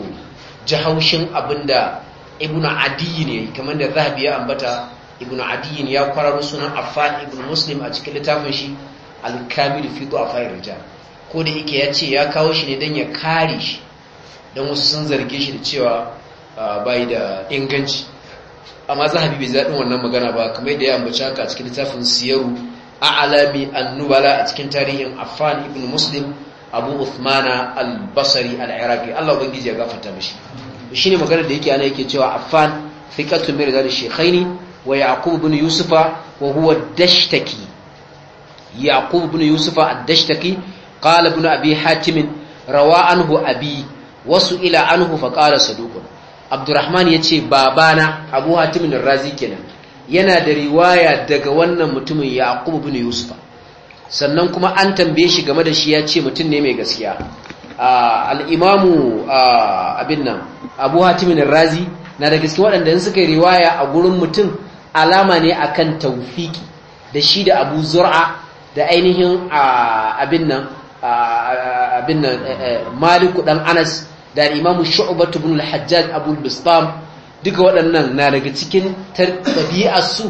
[SPEAKER 1] jahaushin abinda ibnu adiyi ne kamar da zahabi ya ambata ibnu adiyi ya kwararo sunan affan ibnu muslim a cikin littafin shi al-kamil fi du'afa rijal ko da yake ya ce ya kawo shi ne dan ya kare shi don wasu sun zarge shi da cewa bai da inganci amma zahabi bai zaɗin wannan magana ba kamar da ya ambaci haka a cikin littafin siyaru a alami annubala a cikin tarihin afan ibn muslim abu uthmana al-basari al-iraqi allah ubangiji ya gafarta mishi shine maganar da yake ana yake cewa affan thiqatu min rijal shekhaini wa yaqub ibn yusufa wa huwa dashtaki yaqub ibn yusufa ad-dashtaki qala ibn abi hatim rawa anhu abi wasu ila an hufa ƙara sadukun abdurrahman yace babana abu hatim razi kenan yana da riwaya daga wannan mutumin akubu ibn yusufa sannan kuma an tambaye shi game da shi ya ce mutum ne mai gaskiya al'imamu abin nan abu hatimin razi na da gaske waɗanda suka yi riwaya a gurin mutum alama ne akan taufiki da shi da abu zura da ainihin abin nan abin nan maliku dan anas da imamu shu'batu ibn al-hajjaj abul bistam duka waɗannan na daga cikin tabi'arsu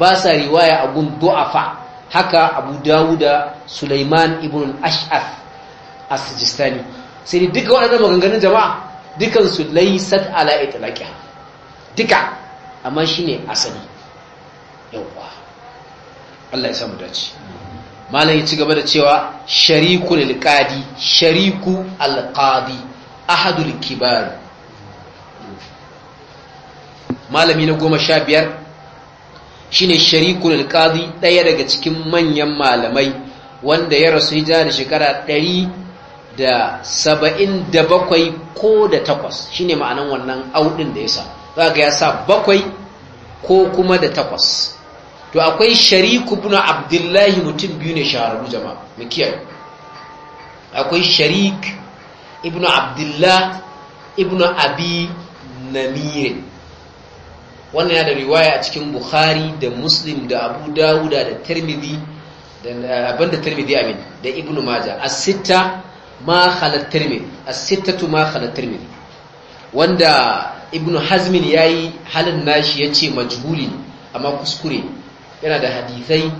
[SPEAKER 1] ba sa riwaya a gun du'afa haka abu dawuda sulaiman ibn ash'af as-sijistani sai duka waɗannan maganganun jama'a dukansu laysat ala itlaqiha duka amma shine asali yawwa Allah ya samu dace malam ya ci gaba da cewa shariku alqadi shariku alqadi ahadul kibar malami na goma sha biyar shine shariku alqadi ɗaya daga cikin manyan malamai wanda ya rasu hijira da shekara ɗari da saba'in da bakwai ko da takwas shine ma'anan wannan audin da ya sa za ga ya sa bakwai ko kuma da takwas to akwai shariku ibn abdullahi mutum biyu ne shahararru jama'a mu akwai sharik ibn abdullah ibn abi namir wannan yana da riwaya a cikin bukhari da muslim da abu dawuda da tirmidhi da abinda tirmidhi amin da ibn maja a sita ma khala tirmidhi sita tu ma khala tirmidhi wanda ibn hazmin yayi halin nashi yace majhuli amma kuskure yana da hadisai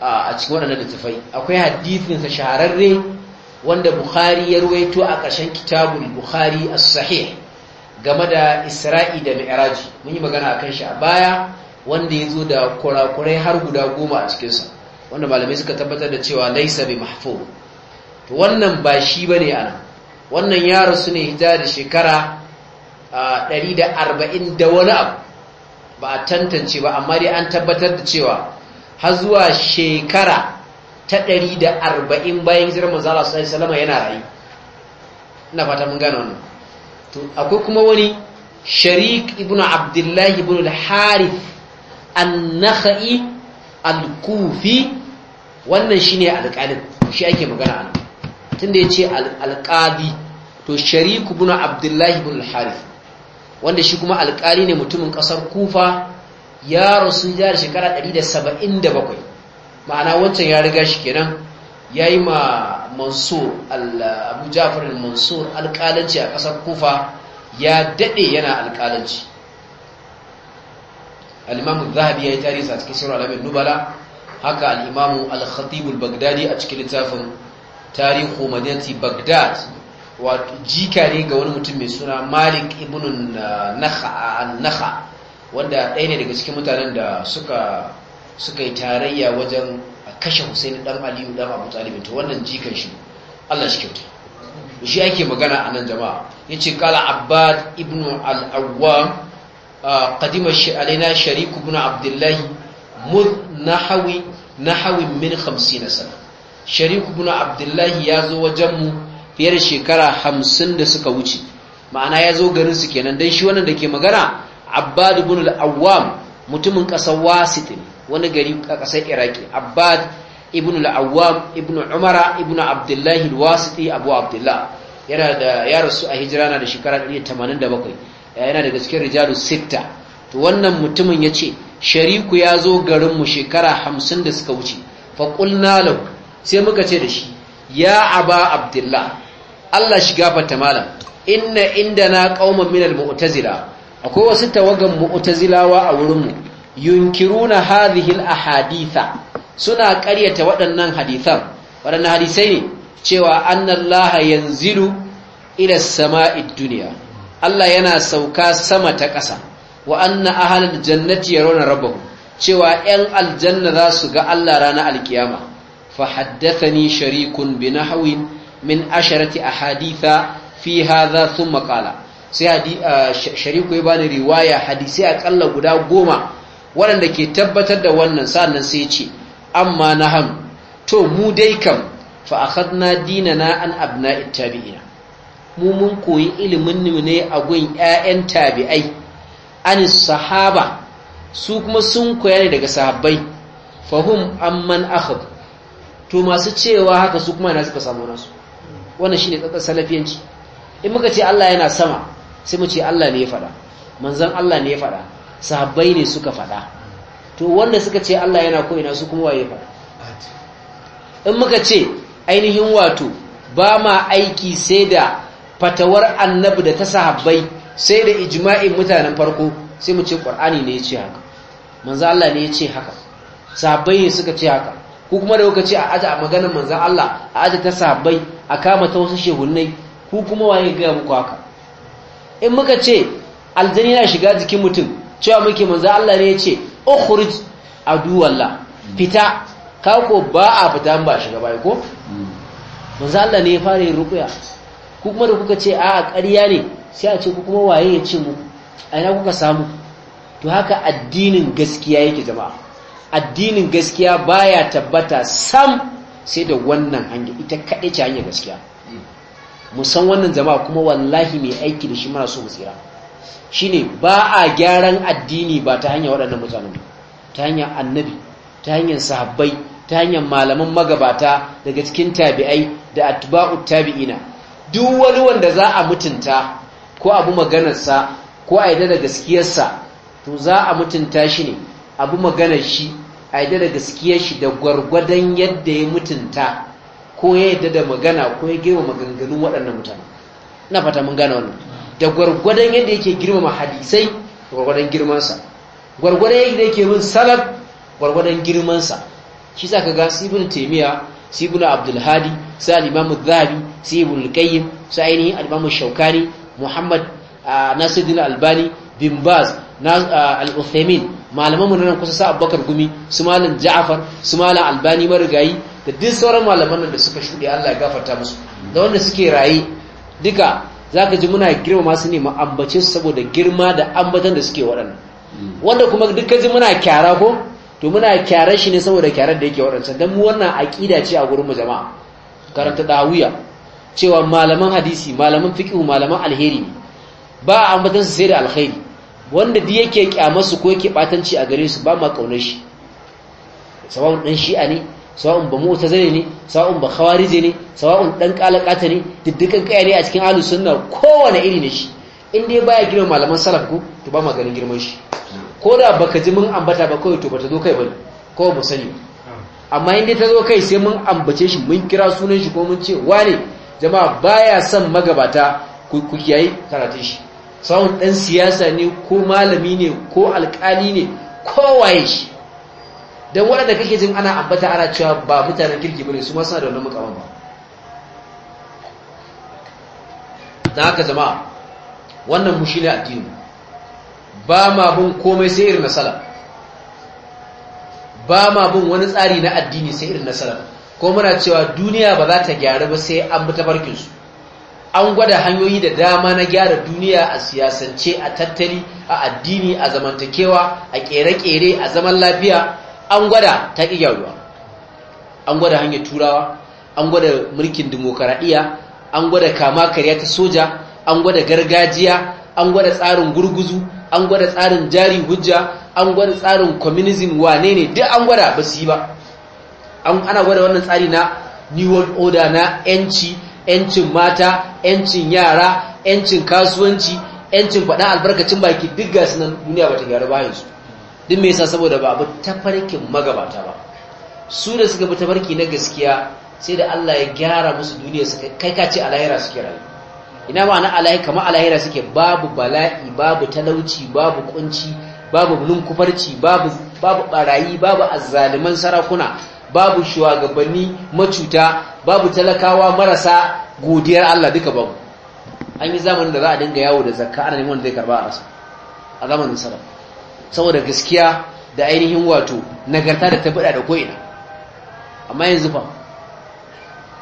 [SPEAKER 1] a cikin waɗannan littafai akwai hadisinsa shahararre wanda bukhari ya ruwaito a ƙarshen kitabul bukhari as-sahih game da isra'i da mi'raji mun yi magana akan shi a baya wanda ya zo da kurakurai har guda goma a cikinsa wanda malamai suka tabbatar da cewa laisa bi mahfuz to wannan ba shi bane ana wannan yaro su ne hijira da shekara 140 da wani abu ba a tantance ba amma dai an tabbatar da cewa har zuwa shekara ta 140 bayan hijirar manzo Allah sallallahu alaihi yana rayu ina fata mun gane wannan to akwai kuma wani sharik ibn abdullahi ibn al-harith an-nakhai al-kufi wannan shine alƙalin shi ake magana anan tunda yace al-qadi to sharik ibn abdullahi ibn al-harith wanda shi kuma alkali ne mutumin kasar kufa ya rasu da shekara 177 ma'ana wancan ya riga shi kenan ya yi ma mansur abu jafirin mansur alkalanci a kasar kufa ya daɗe yana alkalanci al'imamu zahabi ya yi tarihi a cikin shirar alamin nubala haka al'imamu al-khatibul bagdadi a cikin littafin tarihu madinati bagdad wato jika ne ga wani mutum mai suna malik ibn naha wanda ɗaya ne daga cikin mutanen da suka yi tarayya wajen kashe husaini Ɗan aliyu Ɗan abu talibin to wannan jikan shi allah shi kyauta shi ake magana a nan jama'a ya ce kala abbad ibn al'awwa قدم Shariku شريك Abdullahi عبد الله na hawi نحو من na سنة Shariku بن Abdullahi ya zo wajenmu. fiye da shekara hamsin da suka wuce ma'ana ya zo garin su kenan don shi wannan da ke magana abbad ibn al-awwam mutumin kasar wasit ne wani gari a ƙasar iraki abbad ibn al-awwam ibn umara ibn abdullahi al-wasiti abu abdullah yana da ya rasu a hijira na da shekara 187 eh, yana daga cikin rijalu sitta to wannan mutumin yace shariku ya zo garinmu shekara 50 da suka wuce fa qulna lahu sai muka ce da shi ya aba abdullah Allah shiga bata malam inna indana qauman al mu'tazila akwai wasu tawagan mu'tazilawa a wurin mu yunkiruna hadhihi ahaditha suna ƙaryata waɗannan hadithan waɗannan hadisai ne cewa annallaha yanzilu ila sama'id dunya Allah yana sauka sama ta ƙasa wa anna ahlal jannati yarawna rabbahum cewa 'yan aljanna za su ga Allah ranar alkiyama fa haddathani sharikun bi nahwin min asharati ahaditha fi hadha thumma qala sai hadi ah, shariku ya bani riwaya hadisi akalla guda goma waɗanda ke tabbatar da wannan sannan sai ce amma naham to mu dai kam fa akhadna dinana an abna'i tabi'ina mu mun koyi ilimin mu ne a gun ƴaƴan tabi'ai anis sahaba su kuma sun koya ne daga sahabbai fahum amman akhad to masu cewa haka su kuma na suka samu nasu wannan shine tsatsar salafiyanci in muka ce Allah yana sama sai mu ce Allah ne ya faɗa manzon Allah ne ya faɗa sahabbai ne suka faɗa to wanda suka ce Allah yana ko ina su kuma waye faɗa in muka ce ainihin wato ba ma aiki sai da fatawar annabi da ta sahabbai sai da ijma'in mutanen farko sai mu ce qur'ani ne ya ce haka manzon Allah ne ya ce haka sahabbai ne suka ce haka ko kuma da kuka ce a aje a maganar manzon Allah a aje ta sahabbai a kama ta wasu shehunai ku kuma waye ga muku haka in muka ce aljani na shiga jikin mutum cewa muke manzo Allah ne yace ce adu wallah fita ka ko ba a fita ba shiga bai ko manzo Allah ne ya fara yin ruqya ku kuma da kuka ce a ƙarya ne sai a ce ku kuma waye ya mu a ina kuka samu to haka addinin gaskiya yake jama'a addinin gaskiya baya tabbata sam sai da wannan hanya ita kaɗai ce hanyar gaskiya musan wannan zama kuma wallahi mai aiki da shi mara so mu tsira shine ba a gyaran addini ba ta hanyar waɗannan mutane ta hanyar annabi ta hanyar sahabbai ta hanyar malaman magabata daga cikin tabi'ai da atba'u tabi'ina duk wani wanda za a mutunta ko abu maganarsa ko a yi da gaskiyarsa to za a mutunta shi ne abu maganar shi a yadda da gaskiyar shi da gwargwadon yadda ya mutunta ko ya yadda da magana ko ya girma maganganun waɗannan mutane na fata mun gana wannan da gwargwadon yadda yake girmama hadisai gwargwadon girmansa gwargwadon yadda yake bin salaf gwargwadon girmansa shi sa ka ga sibin taimiya sibin abdulhadi sai al'imamu zahabi sai ibn al-qayyim sai ainihin shaukani muhammad ah, nasiruddin albani bin baz na al malaman mu nan kusa sa Abubakar Gumi su malam Ja'far su malam Albani marigayi da duk sauran malaman nan da suka shuɗe Allah ya gafarta musu da wanda suke raye duka zaka ji muna girma masu ne mu ambace su saboda girma da ambatan da suke waɗannan wanda kuma duk ji muna kyara ko to muna kyarar shi ne saboda kyarar da yake waɗancan don mu wannan aƙida ce a gurin mu jama'a karanta dawiya cewa malaman hadisi malaman fiqh malaman alheri ba ambatan su sai da alheri. wanda duk yake kyamarsu ko yake batanci a gare su ba ma kaunar shi sawa'un dan shi'a ne sawa'un ba mu'tazili ne sawa'un ba khawarije ne sawa'un dan kalakata ne diddikan kaya ne a cikin ahlus sunna kowane iri ne shi in dai baya girman malaman salaf ko to ba ma ganin girman shi ko da baka ji mun ambata ba kawai to bata zo kai ba ko mu sani amma in dai ta zo kai sai mun ambace shi mun kira sunan shi ko mun ce wane jama'a baya son magabata ku kiyaye karatun shi samun ɗan siyasa ne ko malami ne ko alƙali ne kowaye shi don waɗanda kake jin ana ambata ana cewa ba mutanen kirki bane su masu da wannan mukaman ba don haka jama'a wannan mushi ne addini ba ma bin komai sai irin nasala ba ma bin wani tsari na addini sai irin nasala ko muna cewa duniya ba za ta gyaru ba sai an bi tabarkinsu an gwada hanyoyi da dama na gyara duniya a siyasance a tattali a addini a zamantakewa a kere-kere a zaman lafiya an gwada ta gyaruwa an gwada hanyar turawa an gwada mulkin dimokuraɗiyya an gwada kama karya ta soja an gwada gargajiya an gwada tsarin gurguzu an gwada tsarin jari hujja an gwada tsarin communism wane ne duk an gwada ba su yi ba ana gwada wannan tsari na new world order na 'yanci ‘yancin mata ‘yancin yara ‘yancin kasuwanci ‘yancin faɗa albarkacin baki duk ga sunan duniya ba ta gyara bayansu duk mai sa saboda ba abu tafarkin magabata ba su da suka bi tafarki na gaskiya sai da Allah ya gyara musu duniya suka kai kace alahira suke rayu ina ba na alahi kama alahira suke babu bala'i babu talauci babu kunci babu bulun kufarci babu babu barayi babu azzaliman sarakuna babu shugabanni macuta babu talakawa marasa godiyar Allah duka babu an yi zamanin da za a dinga yawo da zakka ana neman wanda zai karba a rasa a zamanin salaf saboda gaskiya da ainihin wato nagarta da tabbada da ko'ina amma yanzu fa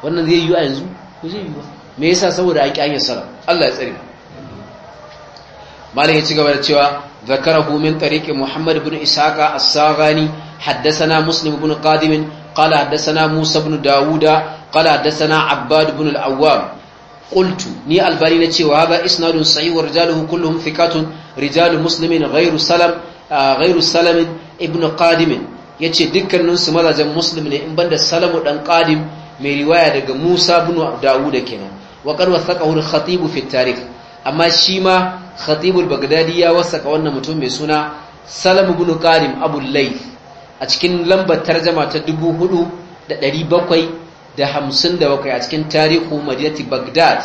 [SPEAKER 1] wannan zai yi a yanzu ko zai yi ba me yasa saboda an kyanye salaf Allah ya tsare malam ya ci gaba da cewa ذكره من طريق محمد بن as الساغاني حدثنا مسلم بن قادم قال حدثنا موسى بن داود قال حدثنا عباد بن العوام قلت ني الباني نتي وهذا اسناد صحيح ورجاله كلهم ثقات رجال مسلم غير سلم غير سلم ابن قادم yace dukkanin su mazajen muslim ne in banda salamu dan qadim mai riwaya daga Musa ibn Dawud kenan wa qad wasaqahu al-khatib fi tarikh amma shi ma khatib al-baghdadi ya wasaka wannan mutum mai suna Salam ibn Qadim Abu Layth a cikin lambar tarjama ta 4757 a cikin tarihu madinati baghdad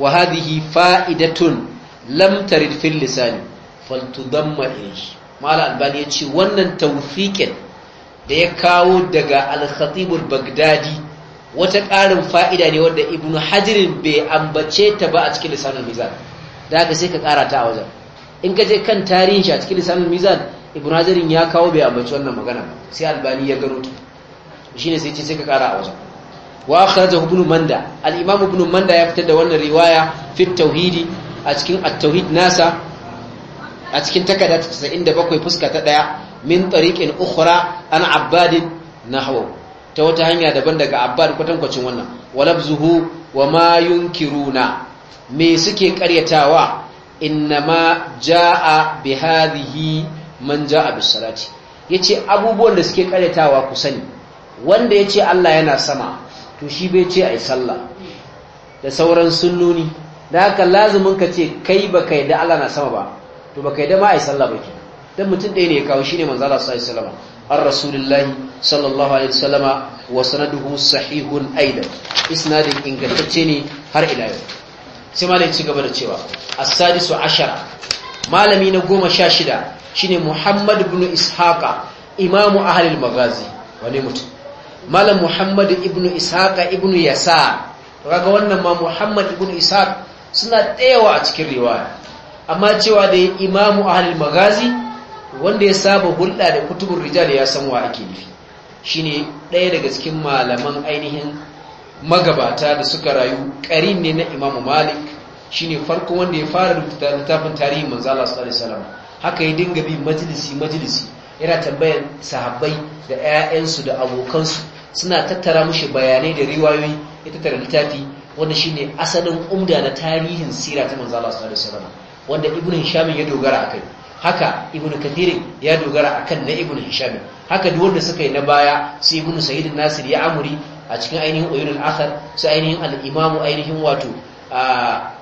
[SPEAKER 1] wa hadhihi fa'idatun lam tarid fil lisan faltudamma ilayhi mala albani ce wannan tawfiqin da ya kawo daga al-khatib baghdadi wata ƙarin fa'ida ne wanda ibnu hajirin bai ambace ta ba a cikin lisanin mizan da haka sai ka ƙara ta a wajen in ka je kan tarihin shi a cikin lisanin mizan ibn hajarin ya kawo bai ambaci wannan magana sai albani ya gano ta shine sai ce sai ka kara a wajen wa akhrajahu ibn manda al-imam ibn manda ya fitar da wannan riwaya fi tauhidi a cikin at-tauhid nasa a cikin takarda 97 fuska ta daya min tariqin ukhra an abbad nahwa ta wata hanya daban daga abbad kwatankwacin wannan walabzuhu wa ma yunkiruna me suke karyatawa innama jaa bi hadhihi man ja'a bis salati yace abubuwan da suke karyatawa ku sani wanda yace Allah yana sama to shi bai ce ai sallah da sauran sunnoni da haka lazumin ka ce kai baka yi da Allah na sama ba to baka yi da ma ai sallah ke. dan mutum ɗaya ne ya kawo shine manzo Allah sallallahu alaihi wasallam ar rasulullah sallallahu alaihi wasallama wa sanaduhu sahihun aidan isnadin ingantacce ne har ila yau sai malai ci gaba da cewa as-sadisu ashara malami na goma sha shida shine Muhammad ibn Ishaqa imamu ahlul magazi wani mutum malam Muhammad ibn Ishaqa ibn Yasa kaga wannan ma Muhammad ibn Ishaq suna tsayawa a cikin riwaya amma cewa da imamu ahlul magazi wanda ya saba hulɗa da kutubun rijal ya san wa ake nufi shine ɗaya daga cikin malaman ainihin magabata da suka rayu ƙarin ne na imamu malik shine farko wanda ya fara rubuta littafin tarihin manzo Allah sallallahu alaihi wasallam haka ya dinga bi majalisi majalisi yana tambayan sahabbai da 'ya'yansu da abokansu suna tattara mushi bayanai da riwayoyi ya tattara littafi wanda shine asalin umda na tarihin sira ta manzo Allah sallallahu alaihi wanda ibnu hisham ya dogara akai haka ibnu kathir ya dogara akan na ibnu hisham haka duk wanda suka yi na baya su ibnu sa'id nasir ya amuri a cikin ainihin uyunul akhar su ainihin al-imamu ainihin wato a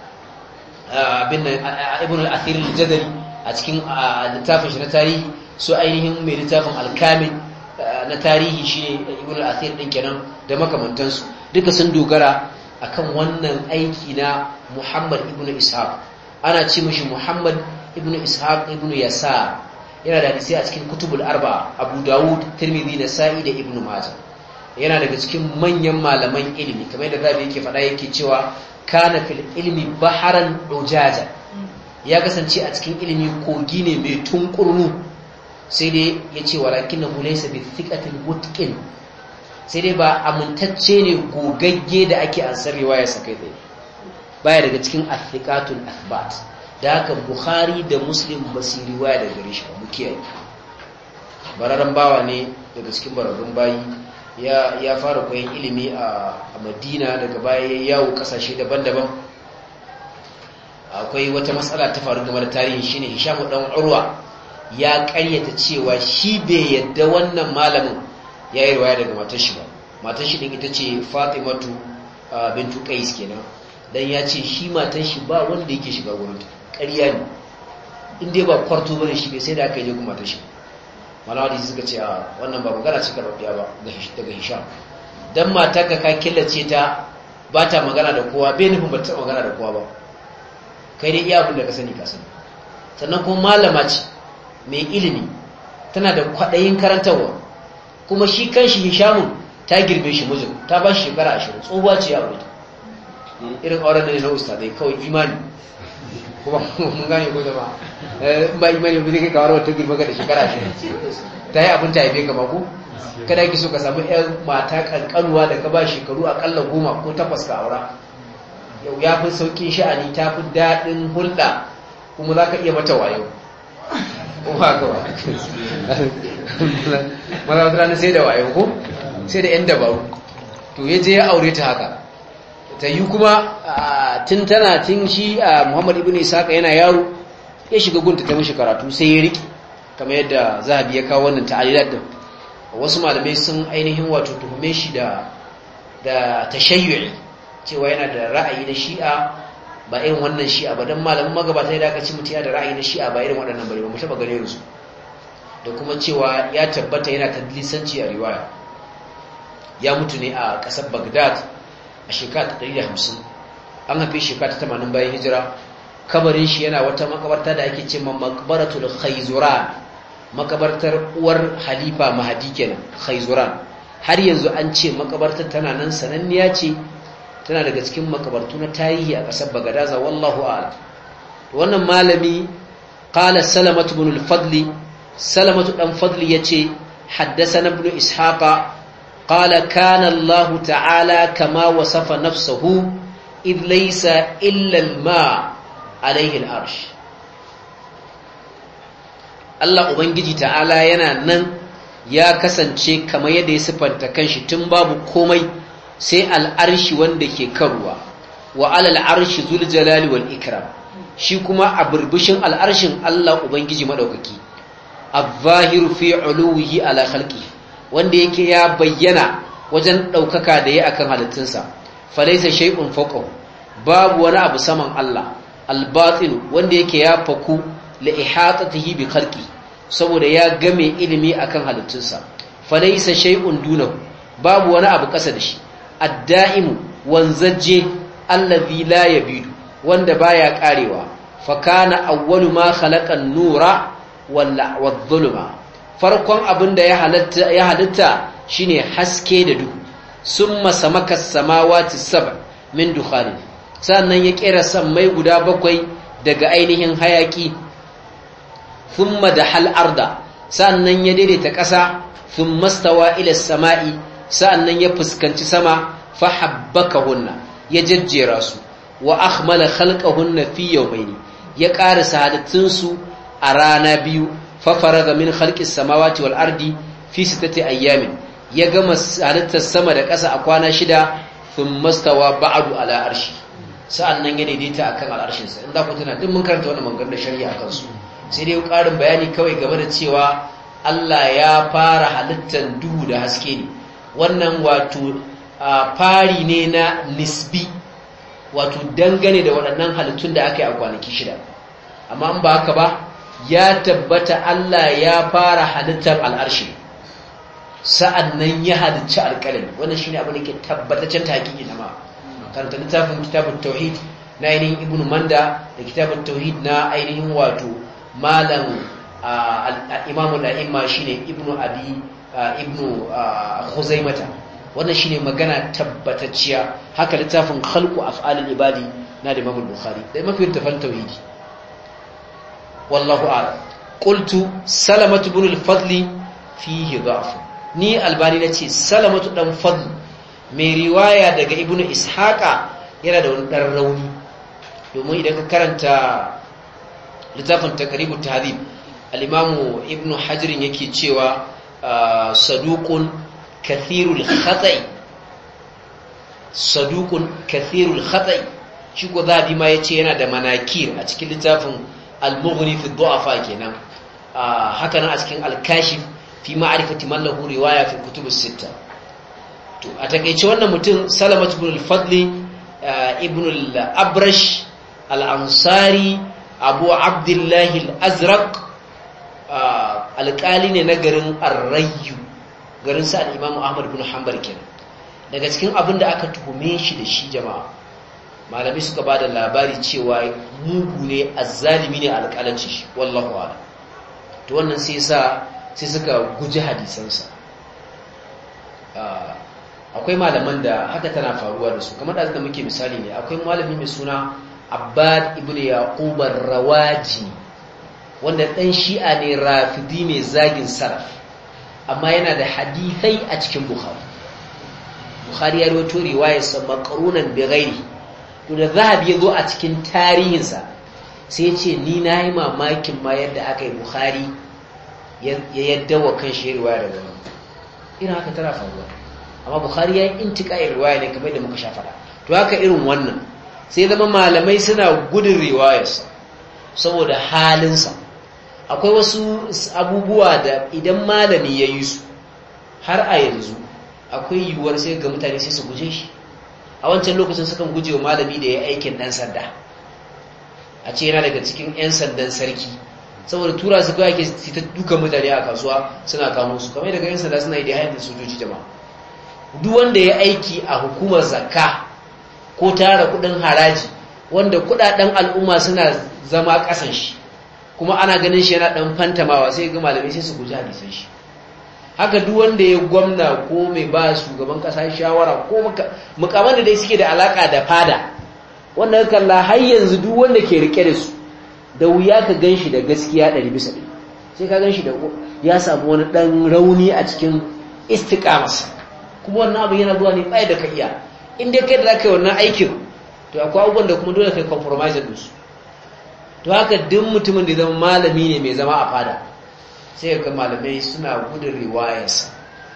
[SPEAKER 1] ibnu al-athir al-jadali a cikin littafin shi na tarihi su ainihin mai littafin alkamin na tarihi shi ne ibn al-athir din kenan da makamantansu duka sun dogara akan wannan aiki na muhammad ibn ishaq ana ce mishi muhammad ibn ishaq ibn yasa yana da hadisi a cikin kutubul arba abu dawud tirmidhi nasa'i da ibn majah yana daga cikin manyan malaman ilimi kamar yadda zabi yake faɗa yake cewa kana fil ilmi baharan dojaja ya kasance a cikin ilimi kogi ne mai tunkurnu sai dai ya ce walakin na hulaisa sabi thiqatin wutkin sai dai ba amintacce ne gogagge da ake ansar ya sa kai tsaye baya daga cikin athiqatul athbat da haka buhari da muslim ba su riwaya da gare shi ba muke bararren bawa ne daga cikin bararrun bayi ya fara koyon ilimi a madina daga baya yawo kasashe daban-daban akwai wata matsala ta faru game da tarihi shine Hisham dan Urwa ya ƙaryata cewa shi bai yadda wannan malamin ya yi riwaya daga matar shi ba matar shi din ita ce Fatimatu uh, bintu Qais kenan dan ya ce shi matar shi ba wanda yake shiga gurin ƙarya ne in dai ba kwarto bane shi bai sai da aka yi kuma matar shi malawadi suka ce a ah, wannan ba magana ce karɓiya ba daga Hisham dan matar ka ka killace ta ba ta magana da kowa bai nufin ba ta magana da kowa ba kai dai iya abin da ka sani ka sani sannan kuma malama ce mai ilimi tana da kwaɗayin karantarwa kuma shi kan shi hishamun ta girbe shi mijin ta ba shi shekara ashirin tsohuwa ce ya wuta irin auren da ne na dai kawai imani kuma mun gane ko jama'a eh, ba imani ba zai kai kawar wata girma ga da shekara ashirin ta yi abin ta haife ka mako kada ki so ka samu yan mata kankanuwa da ka ba shekaru akalla goma ko takwas ka aura yau ya fi saukin sha'ani ta fi daɗin hulɗa kuma za ka iya mata wayo maza sai da wayo ko sai da 'yan dabaru to ya je ya aure ta haka ta yi kuma tun tana tun shi a muhammad ibn isaka yana yaro ya shiga gunta ta mashi karatu sai ya riƙe kamar yadda zahabi biya kawo wannan ta'alilat da wasu malamai sun ainihin wato tuhume shi da tashayyuri cewa yana da ra'ayi na shi'a ba irin wannan shi'a ba don malamin magabata da aka ci mutum yana da ra'ayi na shi'a ba irin waɗannan bari ba mu taɓa gare su da kuma cewa ya tabbata yana tadlisanci a riwaya ya mutu ne a ƙasar bagdad a shekara 150 an hafi shekara ta 80 bayan hijira kabarin shi yana wata makabarta da ake ce makbaratul khayzuran makabartar uwar halifa mahadi kenan khaizuran har yanzu an ce makabartar tana nan sananniya ce tana daga cikin makabartu na tarihi a ƙasar bagadaza wallahu ala wannan malami ƙala salamatu ibn al-fadli salamatu ɗan fadli yace haddathana ibn ishaqa qala kana allah ta'ala kama wasafa nafsuhu id laysa illa al-ma alayhi al Allah ubangiji ta'ala yana nan ya kasance kamar yadda ya sifanta kanshi tun babu komai sai al'arshi wanda ke karuwa wa alal arshi zul jalali wal ikram shi kuma a burbushin al'arshin Allah ubangiji madaukaki az zahir fi uluwihi ala khalqi wanda yake ya bayyana wajen ɗaukaka da yayi akan halittunsa falaisa shay'un fawqa babu wani abu saman Allah al-batin wanda yake ya faku la ihatatihi bi khalqi saboda ya game ilimi akan halittunsa falaisa shay'un dunahu babu wani abu kasa da shi adda'imu wanzaje allazi la yabidu wanda baya karewa fa kana awwalu ma khalaqa nura walla wadh-dhuluma farkon abinda ya halatta ya halitta shine haske da duhu summa samaka samawati saba, min dukhani sannan ya kera mai guda bakwai daga ainihin hayaki thumma dahal arda sannan ya daidaita ƙasa thumma stawa ila samai sa'annan ya fuskanci sama fahabbaka hunna ya jajjera su wa akhmala khalqahunna fi yawmayni ya ƙara halittun a rana biyu fa faraga min khalqis samawati wal ardi fi sittati ayyamin ya gama halittar sama da ƙasa a kwana shida thumma stawa ba'du ala arshi nan ya daidaita akan al'arshin sa in za ku tana duk mun karanta wannan maganganun shari'a akan su sai dai ƙarin bayani kawai game da cewa Allah ya fara halittar duhu da haske ne wannan wato fari ne na nisbi wato dangane da waɗannan halittun da aka yi a kwanaki shida amma in ba haka ba ya tabbata Allah ya fara halittar al'arshi sa'an nan ya halicci alƙalin wannan shi ne abin da ke tabbataccen taƙiƙi na ma karanta littafin kitabun tauhid na ainihin ibn manda da kitabun tauhid na ainihin wato malam imamu la'imma shi ne ibn abi ibnu khuzaimata wannan shine magana tabbatacciya haka littafin khalqu af'alil ibadi na da Imam Bukhari da mafi tafan tauhidi wallahu a'lam qultu salamatu ibn al-fadl fihi dha'f ni albani nace salamatu dan fadl mai riwaya daga ibnu ishaqa yana da wani dan rauni domin idan ka karanta littafin taqribut tahdhib al-imamu ibnu hajr yake cewa saduqun kathirul khata'i saduqun kathirul khata'i shi ko zabi ma ce yana da manakir a cikin littafin al-mughni fi du'afa kenan haka nan a cikin al-kashif fi ma'rifati man lahu riwaya fi kutubus sitta to a takeice wannan mutum salamat ibn al-fadli ibn al-abrash al-ansari abu abdullahi al-azraq alƙali ne na garin arrayu garin sa al-imamu ahmad bin hanbar kenan daga cikin abin da aka tuhume shi da shi jama'a malamai suka ba da labari cewa mugu ne azzalimi ne alƙalanci shi wallahu ala to wannan sai sa sai suka guji hadisansa ah, akwai malaman da haka tana faruwa da su kamar da da muke misali ne akwai malami mai suna abbad ibn yaqub ar-rawaji wanda ɗan shi'a ne rafidi mai zagin saraf amma yana da hadithai a cikin bukhari bukhari ya rawaito riwayarsa maqrunan bi ghairi to da zahabi ya zo a cikin tarihinsa sai ya ce ni na yi mamakin ma yadda aka yi bukhari ya yadda wa kan shi riwaya daga nan irin haka tana faruwa amma bukhari ya yi intika riwaya ne kamar da muka sha faɗa to haka irin wannan sai zama malamai suna gudun riwayarsa saboda halinsa akwai wasu abubuwa da idan malami ya yi su har a yanzu akwai yiwuwar sai ga mutane sai su guje shi a wancan lokacin sukan guje wa malami da ya aikin ɗan sanda a ce yana daga cikin 'yan sandan sarki saboda tura su kawai ke ta duka mutane a kasuwa suna kamo su kamar daga 'yan sanda suna yi da da sojoji jama'a duk wanda ya aiki a hukumar zakka ko tara kudin haraji wanda kudaden al'umma suna zama kasan shi kuma ana ganin shi yana dan fantamawa sai ga malamai sai su guji hadisan shi haka duk wanda ya gwamna ko mai ba shugaban kasa shawara ko mukamman da dai suke da alaka da fada wannan kalla har yanzu duk wanda ke rike da su da wuya ka ganshi da gaskiya 100 bisa sai ka ganshi da ya samu wani dan rauni a cikin istiqamarsa kuma wannan abin yana zuwa ne bai da ka in dai kai da zaka yi wannan aikin to akwai abubuwan da kuma dole kai compromise da su to haka duk mutumin da zama malami ne mai zama a fada sai ga malamai suna gudun riwayarsa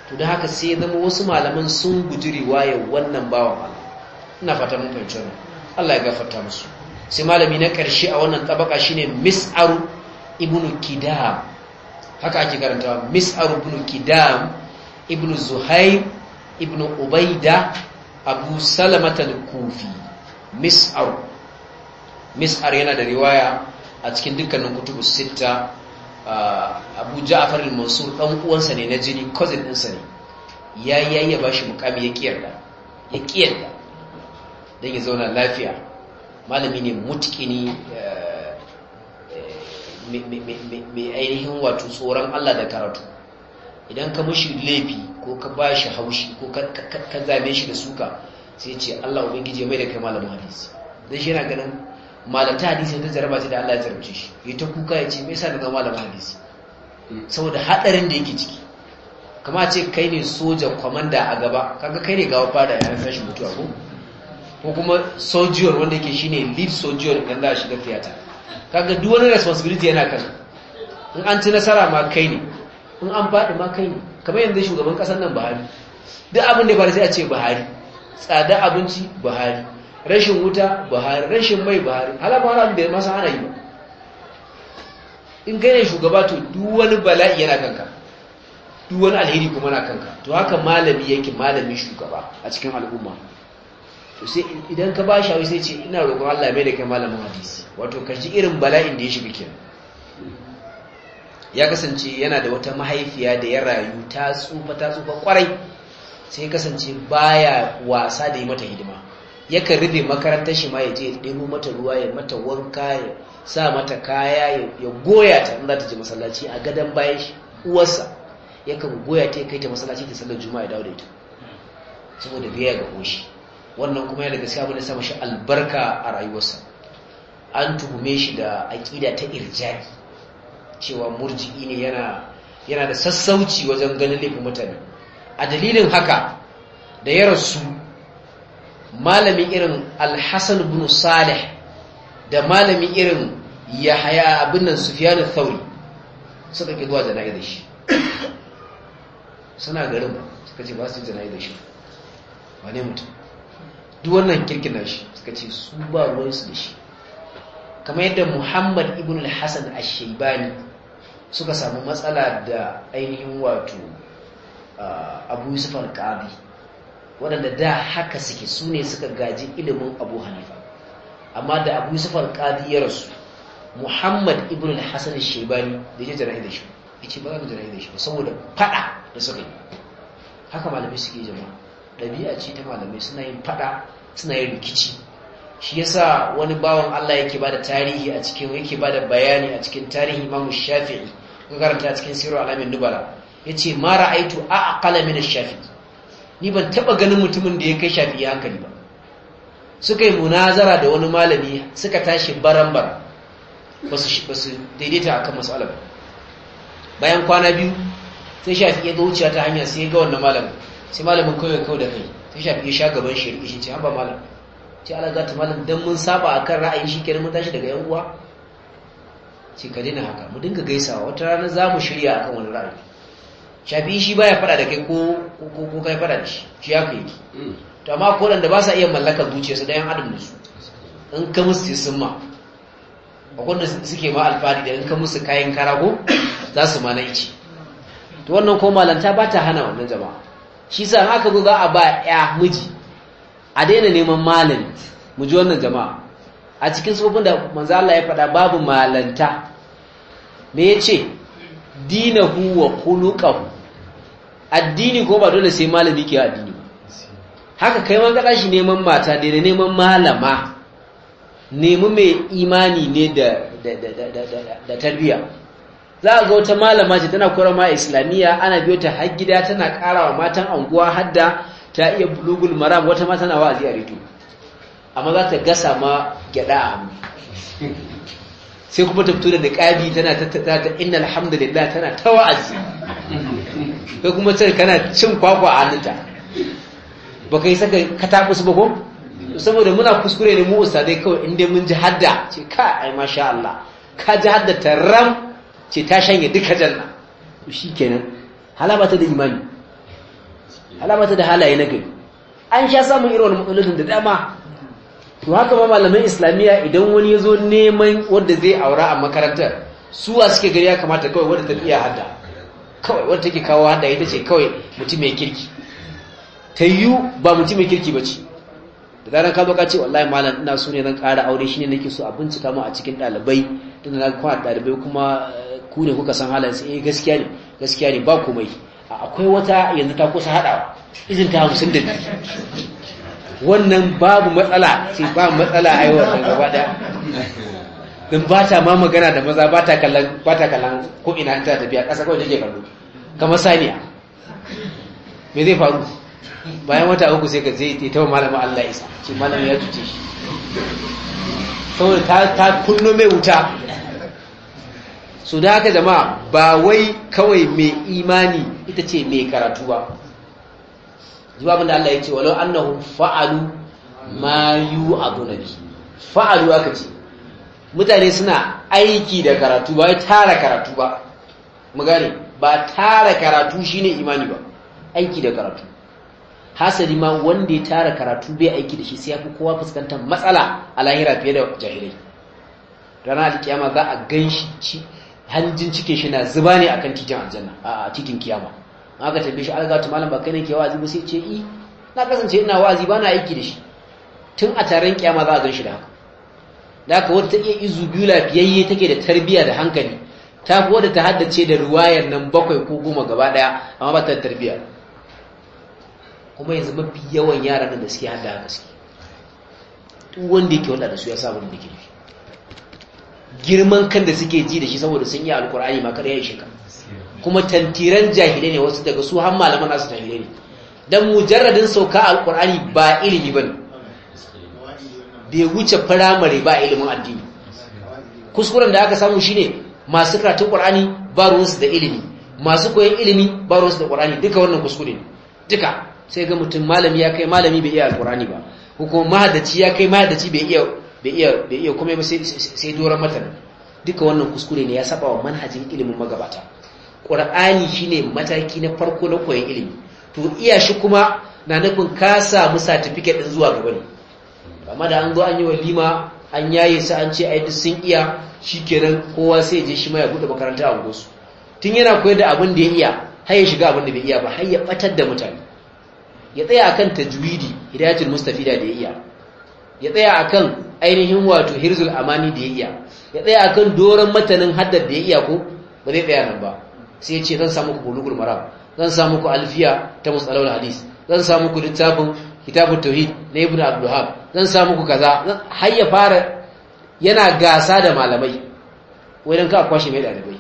[SPEAKER 1] to da haka sai zama wasu malaman sun guji riwayar wannan bawan ala, ina fata mun fahimci wannan Allah ya gafarta musu sai malami na karshe a wannan tabaka shine Mis'aru ibn Kidam haka ake karanta Mis'aru ibn Kidam ibn Zuhair ibn Ubaida Abu Salamah al-Kufi Mis'aru mis'ar yana da riwaya a cikin dukkanin kutubu sita abu ja'far al-mansur dan uwansa ne na jini cousin ɗinsa ne ya yayya ba shi mukami ya kiyarda ya kiyarda dan ya zauna lafiya malami ne mutkini eh, eh, mai ainihin wato tsoron Allah da karatu idan ka mushi laifi ko ka ba shi haushi ko ka zame shi da suka sai ce Allah ubangiji mai da kai malamin hadisi dan shi yana ganin malata hadisi ta jaraba ce da Allah ya jarabce shi ya ta kuka ya ce me sa daga malama hadisi saboda hadarin da yake ciki kama ce kai ne soja kwamanda a gaba kaga kai ne gawa fada ya san shi mutuwa ko ko kuma sojiyar wanda yake shine lead sojiyar idan za a shiga fiyata kaga duk wani responsibility yana kan in an ci nasara ma kai ne in an faɗi ma kai ne kamar yanzu shugaban ƙasar nan Buhari duk abin da ya faru sai a ce Buhari tsada abinci Buhari rashin wuta buhari rashin mai buhari halama wani abin da ya masa hana yi ba in gane shugaba to duwani bala'i yana kanka duwani alheri kuma na kanka to haka malami yake malami shugaba a cikin al'umma to sai idan ka ba shi sai ce ina roƙon Allah mai da kai malamin hadisi wato ka ji irin bala'in da ya shiga kenan ya kasance yana da wata mahaifiya da ya rayu ta tsufa ta tsufa kwarai sai kasance baya wasa da yi mata hidima yakan rufe makarantar shi ma ya je ɗebo mata ruwa ya mata wanka ya sa mata kaya ya goya ta in za je masallaci a gadon bayan shi uwarsa yakan goya ta ya kai ta masallaci ta sallar juma'a ya dawo da ita saboda biya ga goshi wannan kuma yana da gaskiya abin da sa mashi albarka a rayuwarsa an tuhume shi da aƙida ta irjani cewa murji'i ne yana yana da sassauci wajen ganin laifin mutane a dalilin haka da ya rasu malami irin alhassan bin salih da malami irin yahaya abin nan sufyan thauri suka ke zuwa da shi suna garin suka ce ba su da shi ba ne mutum duk wannan kirkin shi suka ce su ba ruwansu da shi kamar yadda muhammad ibn alhassan a shaibani suka samu matsala da ainihin wato ah, abu yusuf al waɗanda da haka suke su ne suka gaji ilimin abu hanifa amma da abu yusuf alƙadi ya rasu muhammad ibn Hassan shebani da ya jara'i da shi ya ce ba za mu jara'i da shi saboda faɗa da suka yi haka malamai suke jama'a ɗabi'a ce ta malamai suna yin faɗa suna yin rikici shi yasa wani bawan Allah yake bada tarihi a cikin yake bada bayani a cikin tarihi Imam Shafi'i ka karanta a cikin Sirru Alamin Nubala ce ma ra'aitu aqala min Shafi'i ni ban taba ganin mutumin da ya kai shafi hankali ba suka yi munazara da wani malami suka tashi barambar ba su daidaita akan masu ba bayan kwana biyu sai shafi ya ga wuciya ta hanyar sai ya ga wannan malami, sai malamin kawai kawai da kai sai shafi ya sha gaban shi rikishin ce haba malam ce ala gata malam don mun saba a kan ra'ayin shi kenan mun tashi daga yan uwa ce ka dina haka mu dinga gaisawa wata rana za mu shirya akan wani ra'ayi shafi shi baya faɗa da kai ko ko kai fara ci shi shi ya kai ki to amma ko da ba sa iya mallakar su da yan adam da su in ka musu sai sun ma akwai da suke ma alfahari da in ka musu kayan karago za su ma na ici to wannan ko malanta ba ta hana wannan jama'a shi sa haka zo za a ba ya miji a daina neman malin mu ji wannan jama'a a cikin sufofin da manzo Allah ya faɗa babu malanta me yace dinahu wa khuluquhu addini ko ba dole sai malami ke addini haka kai ma kada shi neman mata da neman malama nemi mai imani ne da da tarbiya za a ga wata malama ce tana koyar ma islamiyya ana biyo ta har gida tana ƙara wa matan anguwa hadda ta iya bulugul maram wata ma tana wa'azi a rito amma za ta gasa ma gyada a sai kuma ta fito da niqabi tana tattata ta inna alhamdulillah tana ta wa'azi Sai kuma ce kana cin kwakwa a hannunta ba kai saka katakus ba ko saboda muna kuskure ne mu ustadai kawai in mun ji hadda ce ka ai masha Allah ka ji hadda taram ce ta shanye duka janna shi kenan halabata da imani ta da halaye na gari an sha samun irin matsalolin da dama to haka ma malamin islamiyya idan wani ya zo neman wanda zai aura a makarantar su suwa suke gari ya kamata kawai wadda ta iya hada kawai wadda take kawo hada ita ce kawai mutum mai kirki ta yiwu ba mutum mai kirki ba ce da zaran ka baka ce wallahi malam ina so ne zan kara aure shine nake so a bincika mu a cikin dalibai tunda na kwa ɗalibai kuma eh, ku ne kuka san halin sai eh, gaskiya ne gaskiya ne ba komai akwai wata yanzu ta kusa hadawa izin ta da biyu wannan babu matsala ce ba matsala a yi wannan gaba da don ba ta ma magana da maza ba ta kallon ko'ina ta tafiya ƙasa kawai take kallo kamar saniya me zai faru bayan wata uku sai ka zai ta yi malama Allah isa ce malama ya cuce shi saboda ta kunno mai wuta su da haka jama'a ba wai kawai mai imani ita ce mai karatu ba zuwa abinda Allah ya ce walau annahum fa'alu ma yu'aduna bi fa'alu aka ce mutane suna aiki da karatu ba tara karatu ba mu gane ba tara karatu shine imani ba aiki da karatu hasali ma wanda ya tara karatu bai aiki da shi sai ya fi kowa fuskantar matsala a lahira fiye da jahilai ranar alkiyama za a gan shi hanjin cike shi na zuba ne akan titin a titin kiyama aka tafi shi algatu malam ba kai ne ke wa'azi ba sai ce i eh, na kasance ina wa'azi ba na aiki da shi tun a taron kiyama za a gan shi da haka da haka wata ta iya izu biyu lafiyayye take da tarbiyya da hankali ta fi wadda ta haddace da ruwayar nan bakwai ko goma gaba daya amma ba ta tarbiyya kuma yanzu mafi yawan yaran nan da suke hada haka suke duk wanda yake hulɗa da su ya sa wani da girman kan da suke ji da shi saboda sun yi alkur'ani ma kar ya yi shekaru kuma tantiran jahilai ne wasu daga su har malaman nasu jahilai ne dan mujarradin sauka alqur'ani ba ilimi bane bai wuce firamare ba ilimin addini kuskuren da aka samu shine masu karatun qur'ani ba ruwansu da ilimi masu koyon ilimi ba ruwansu da qur'ani duka wannan kuskure ne duka sai ga mutum malami ya kai malami bai iya alqur'ani ba ko mahadaci ya kai mahadaci bai iya bai iya bai iya kuma sai doran matan duka wannan kuskure ne ya saba wa manhajin ilimin magabata ƙur'ani shine mataki na farko na koyon ilimi to iya shi kuma na nufin ka samu satifiket din zuwa gaba ne amma da an zo an yi wa lima an yaye su an ce aiki sun iya shikenan kowa sai ya je shi ma ya buɗe makaranta a gosu tun yana koyar da abin da ya iya har ya shiga abin da bai iya ba har ya batar da mutane ya tsaya akan tajwidi hidayatul mustafida da ya iya ya tsaya akan ainihin wato hirzul amani da ya iya ya tsaya akan doron matanin haddar da ya iya ko ba zai tsaya nan ba sai ce zan samu ku bulugul maram zan samu ku alfiya ta musalawul hadis zan samu ku littafin kitabun tauhid na ibn abdulhab zan samu ku kaza har ya fara yana gasa da malamai wajen ka kwashe mai dalibai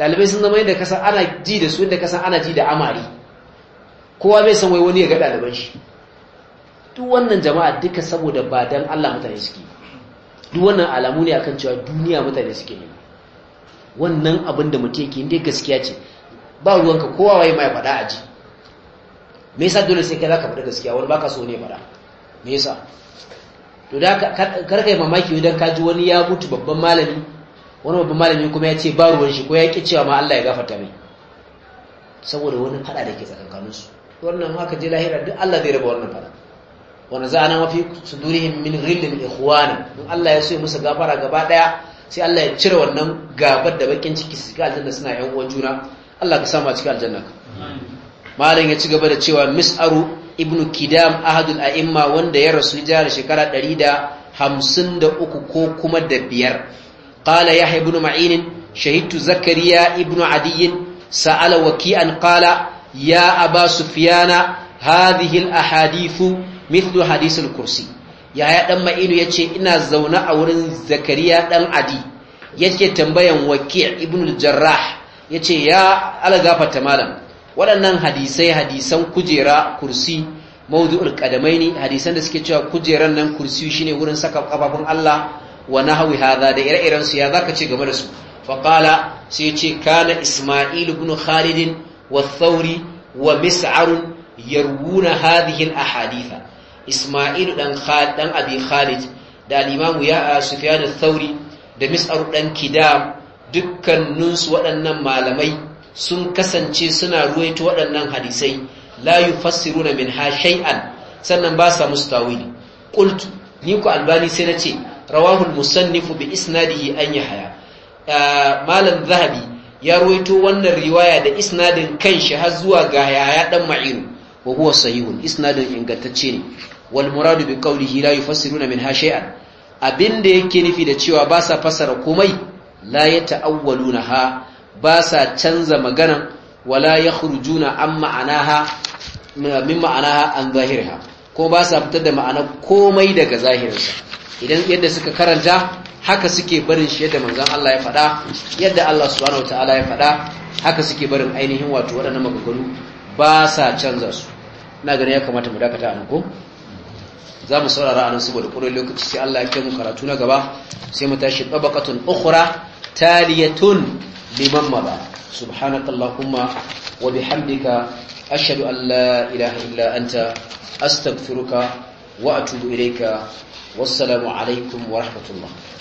[SPEAKER 1] dalibai sun zama yadda kasan ana ji da su yadda kasan ana ji da amari kowa bai san wai wani ya ga daliban shi duk wannan jama'a duka saboda ba dan Allah mutane suke duk wannan alamu ne akan cewa duniya mutane suke ne wannan abin da mutum yake inda gaskiya ce ba ruwanka kowa waye mai faɗa a ji me yasa dole sai kai zaka faɗa gaskiya wani baka so ne faɗa me yasa to da kar kai mamaki idan ka ji wani ya mutu babban malami wani babban malami kuma ya ce ba ruwan shi ko ya ki cewa ma Allah ya gafarta mai saboda wani faɗa da ke tsakankanin su wannan haka je lahira duk Allah zai raba wannan faɗa wannan za a mafi sudurihim min ghillin ikhwana in Allah ya so ya musu gafara gaba daya sai Allah ya cire wannan gabar da bakin ciki su ga aljanna suna yan uwan juna Allah ka samu a cikin aljanna malam ya ci gaba da cewa mis'aru ibnu kidam ahadul a'imma wanda ya rasu jihar shekara 153 ko kuma da biyar qala yahya ibn ma'in shahidtu zakariya ibnu adiy sa'ala waki'an qala ya aba sufyana hadhihi al ahadithu mithlu hadith al kursi yaya dan ya yace ina zaune a wurin zakariya dan adi yake tambayan wakil ibn al-jarrah yace ya algafata malam waɗannan hadisai hadisan kujera kursi mawdu'ul qadamaini hadisan da suke cewa kujeran nan kursi shine wurin saka kafafun Allah wa nahwi hadha da ire-iren su ya zaka ce game da su fa qala sai yace kana isma'il ibn khalid wa thawri wa mis'ar yarwuna hadhihi al-ahaditha Isma'il dan Khalid dan Abi Khalid da al-Imam ya Sufyan al-Thawri da Mis'ar dan Kidam dukkanin su waɗannan malamai sun kasance suna ruwaito waɗannan hadisai la yufassiruna minha shay'an sannan ba sa musu tawili qultu ni ku albani sai nace rawahu al-musannifu bi isnadihi an yahya malam zahabi ya ruwaito wannan riwaya da isnadin kanshi har zuwa ga yaya dan ma'iru wa huwa sahihun isnadin ingantacce ne wal muradu bi qawlihi la yufassiruna minha shay'an abinda yake nufi da cewa ba sa fassara komai la ha ba sa canza magana wala ya khurujuna an ma'anaha min ma'anaha an zahirha ko ba sa fitar da ma'ana komai daga zahirinsa idan yadda suka karanta haka suke barin shi yadda manzon Allah ya faɗa yadda Allah subhanahu wataala ya faɗa haka suke barin ainihin wato waɗannan magagalu ba sa canza su na ganin ya kamata mu dakata anan ko za mu saurara a nan saboda ƙurar lokaci sai Allah ya kai mu karatu na gaba sai mu tashi tabaqatun ukhra taliyatun liman mada subhanakallahumma wa bihamdika ashhadu an la ilaha illa anta astaghfiruka wa atubu ilayka wassalamu alaikum wa rahmatullah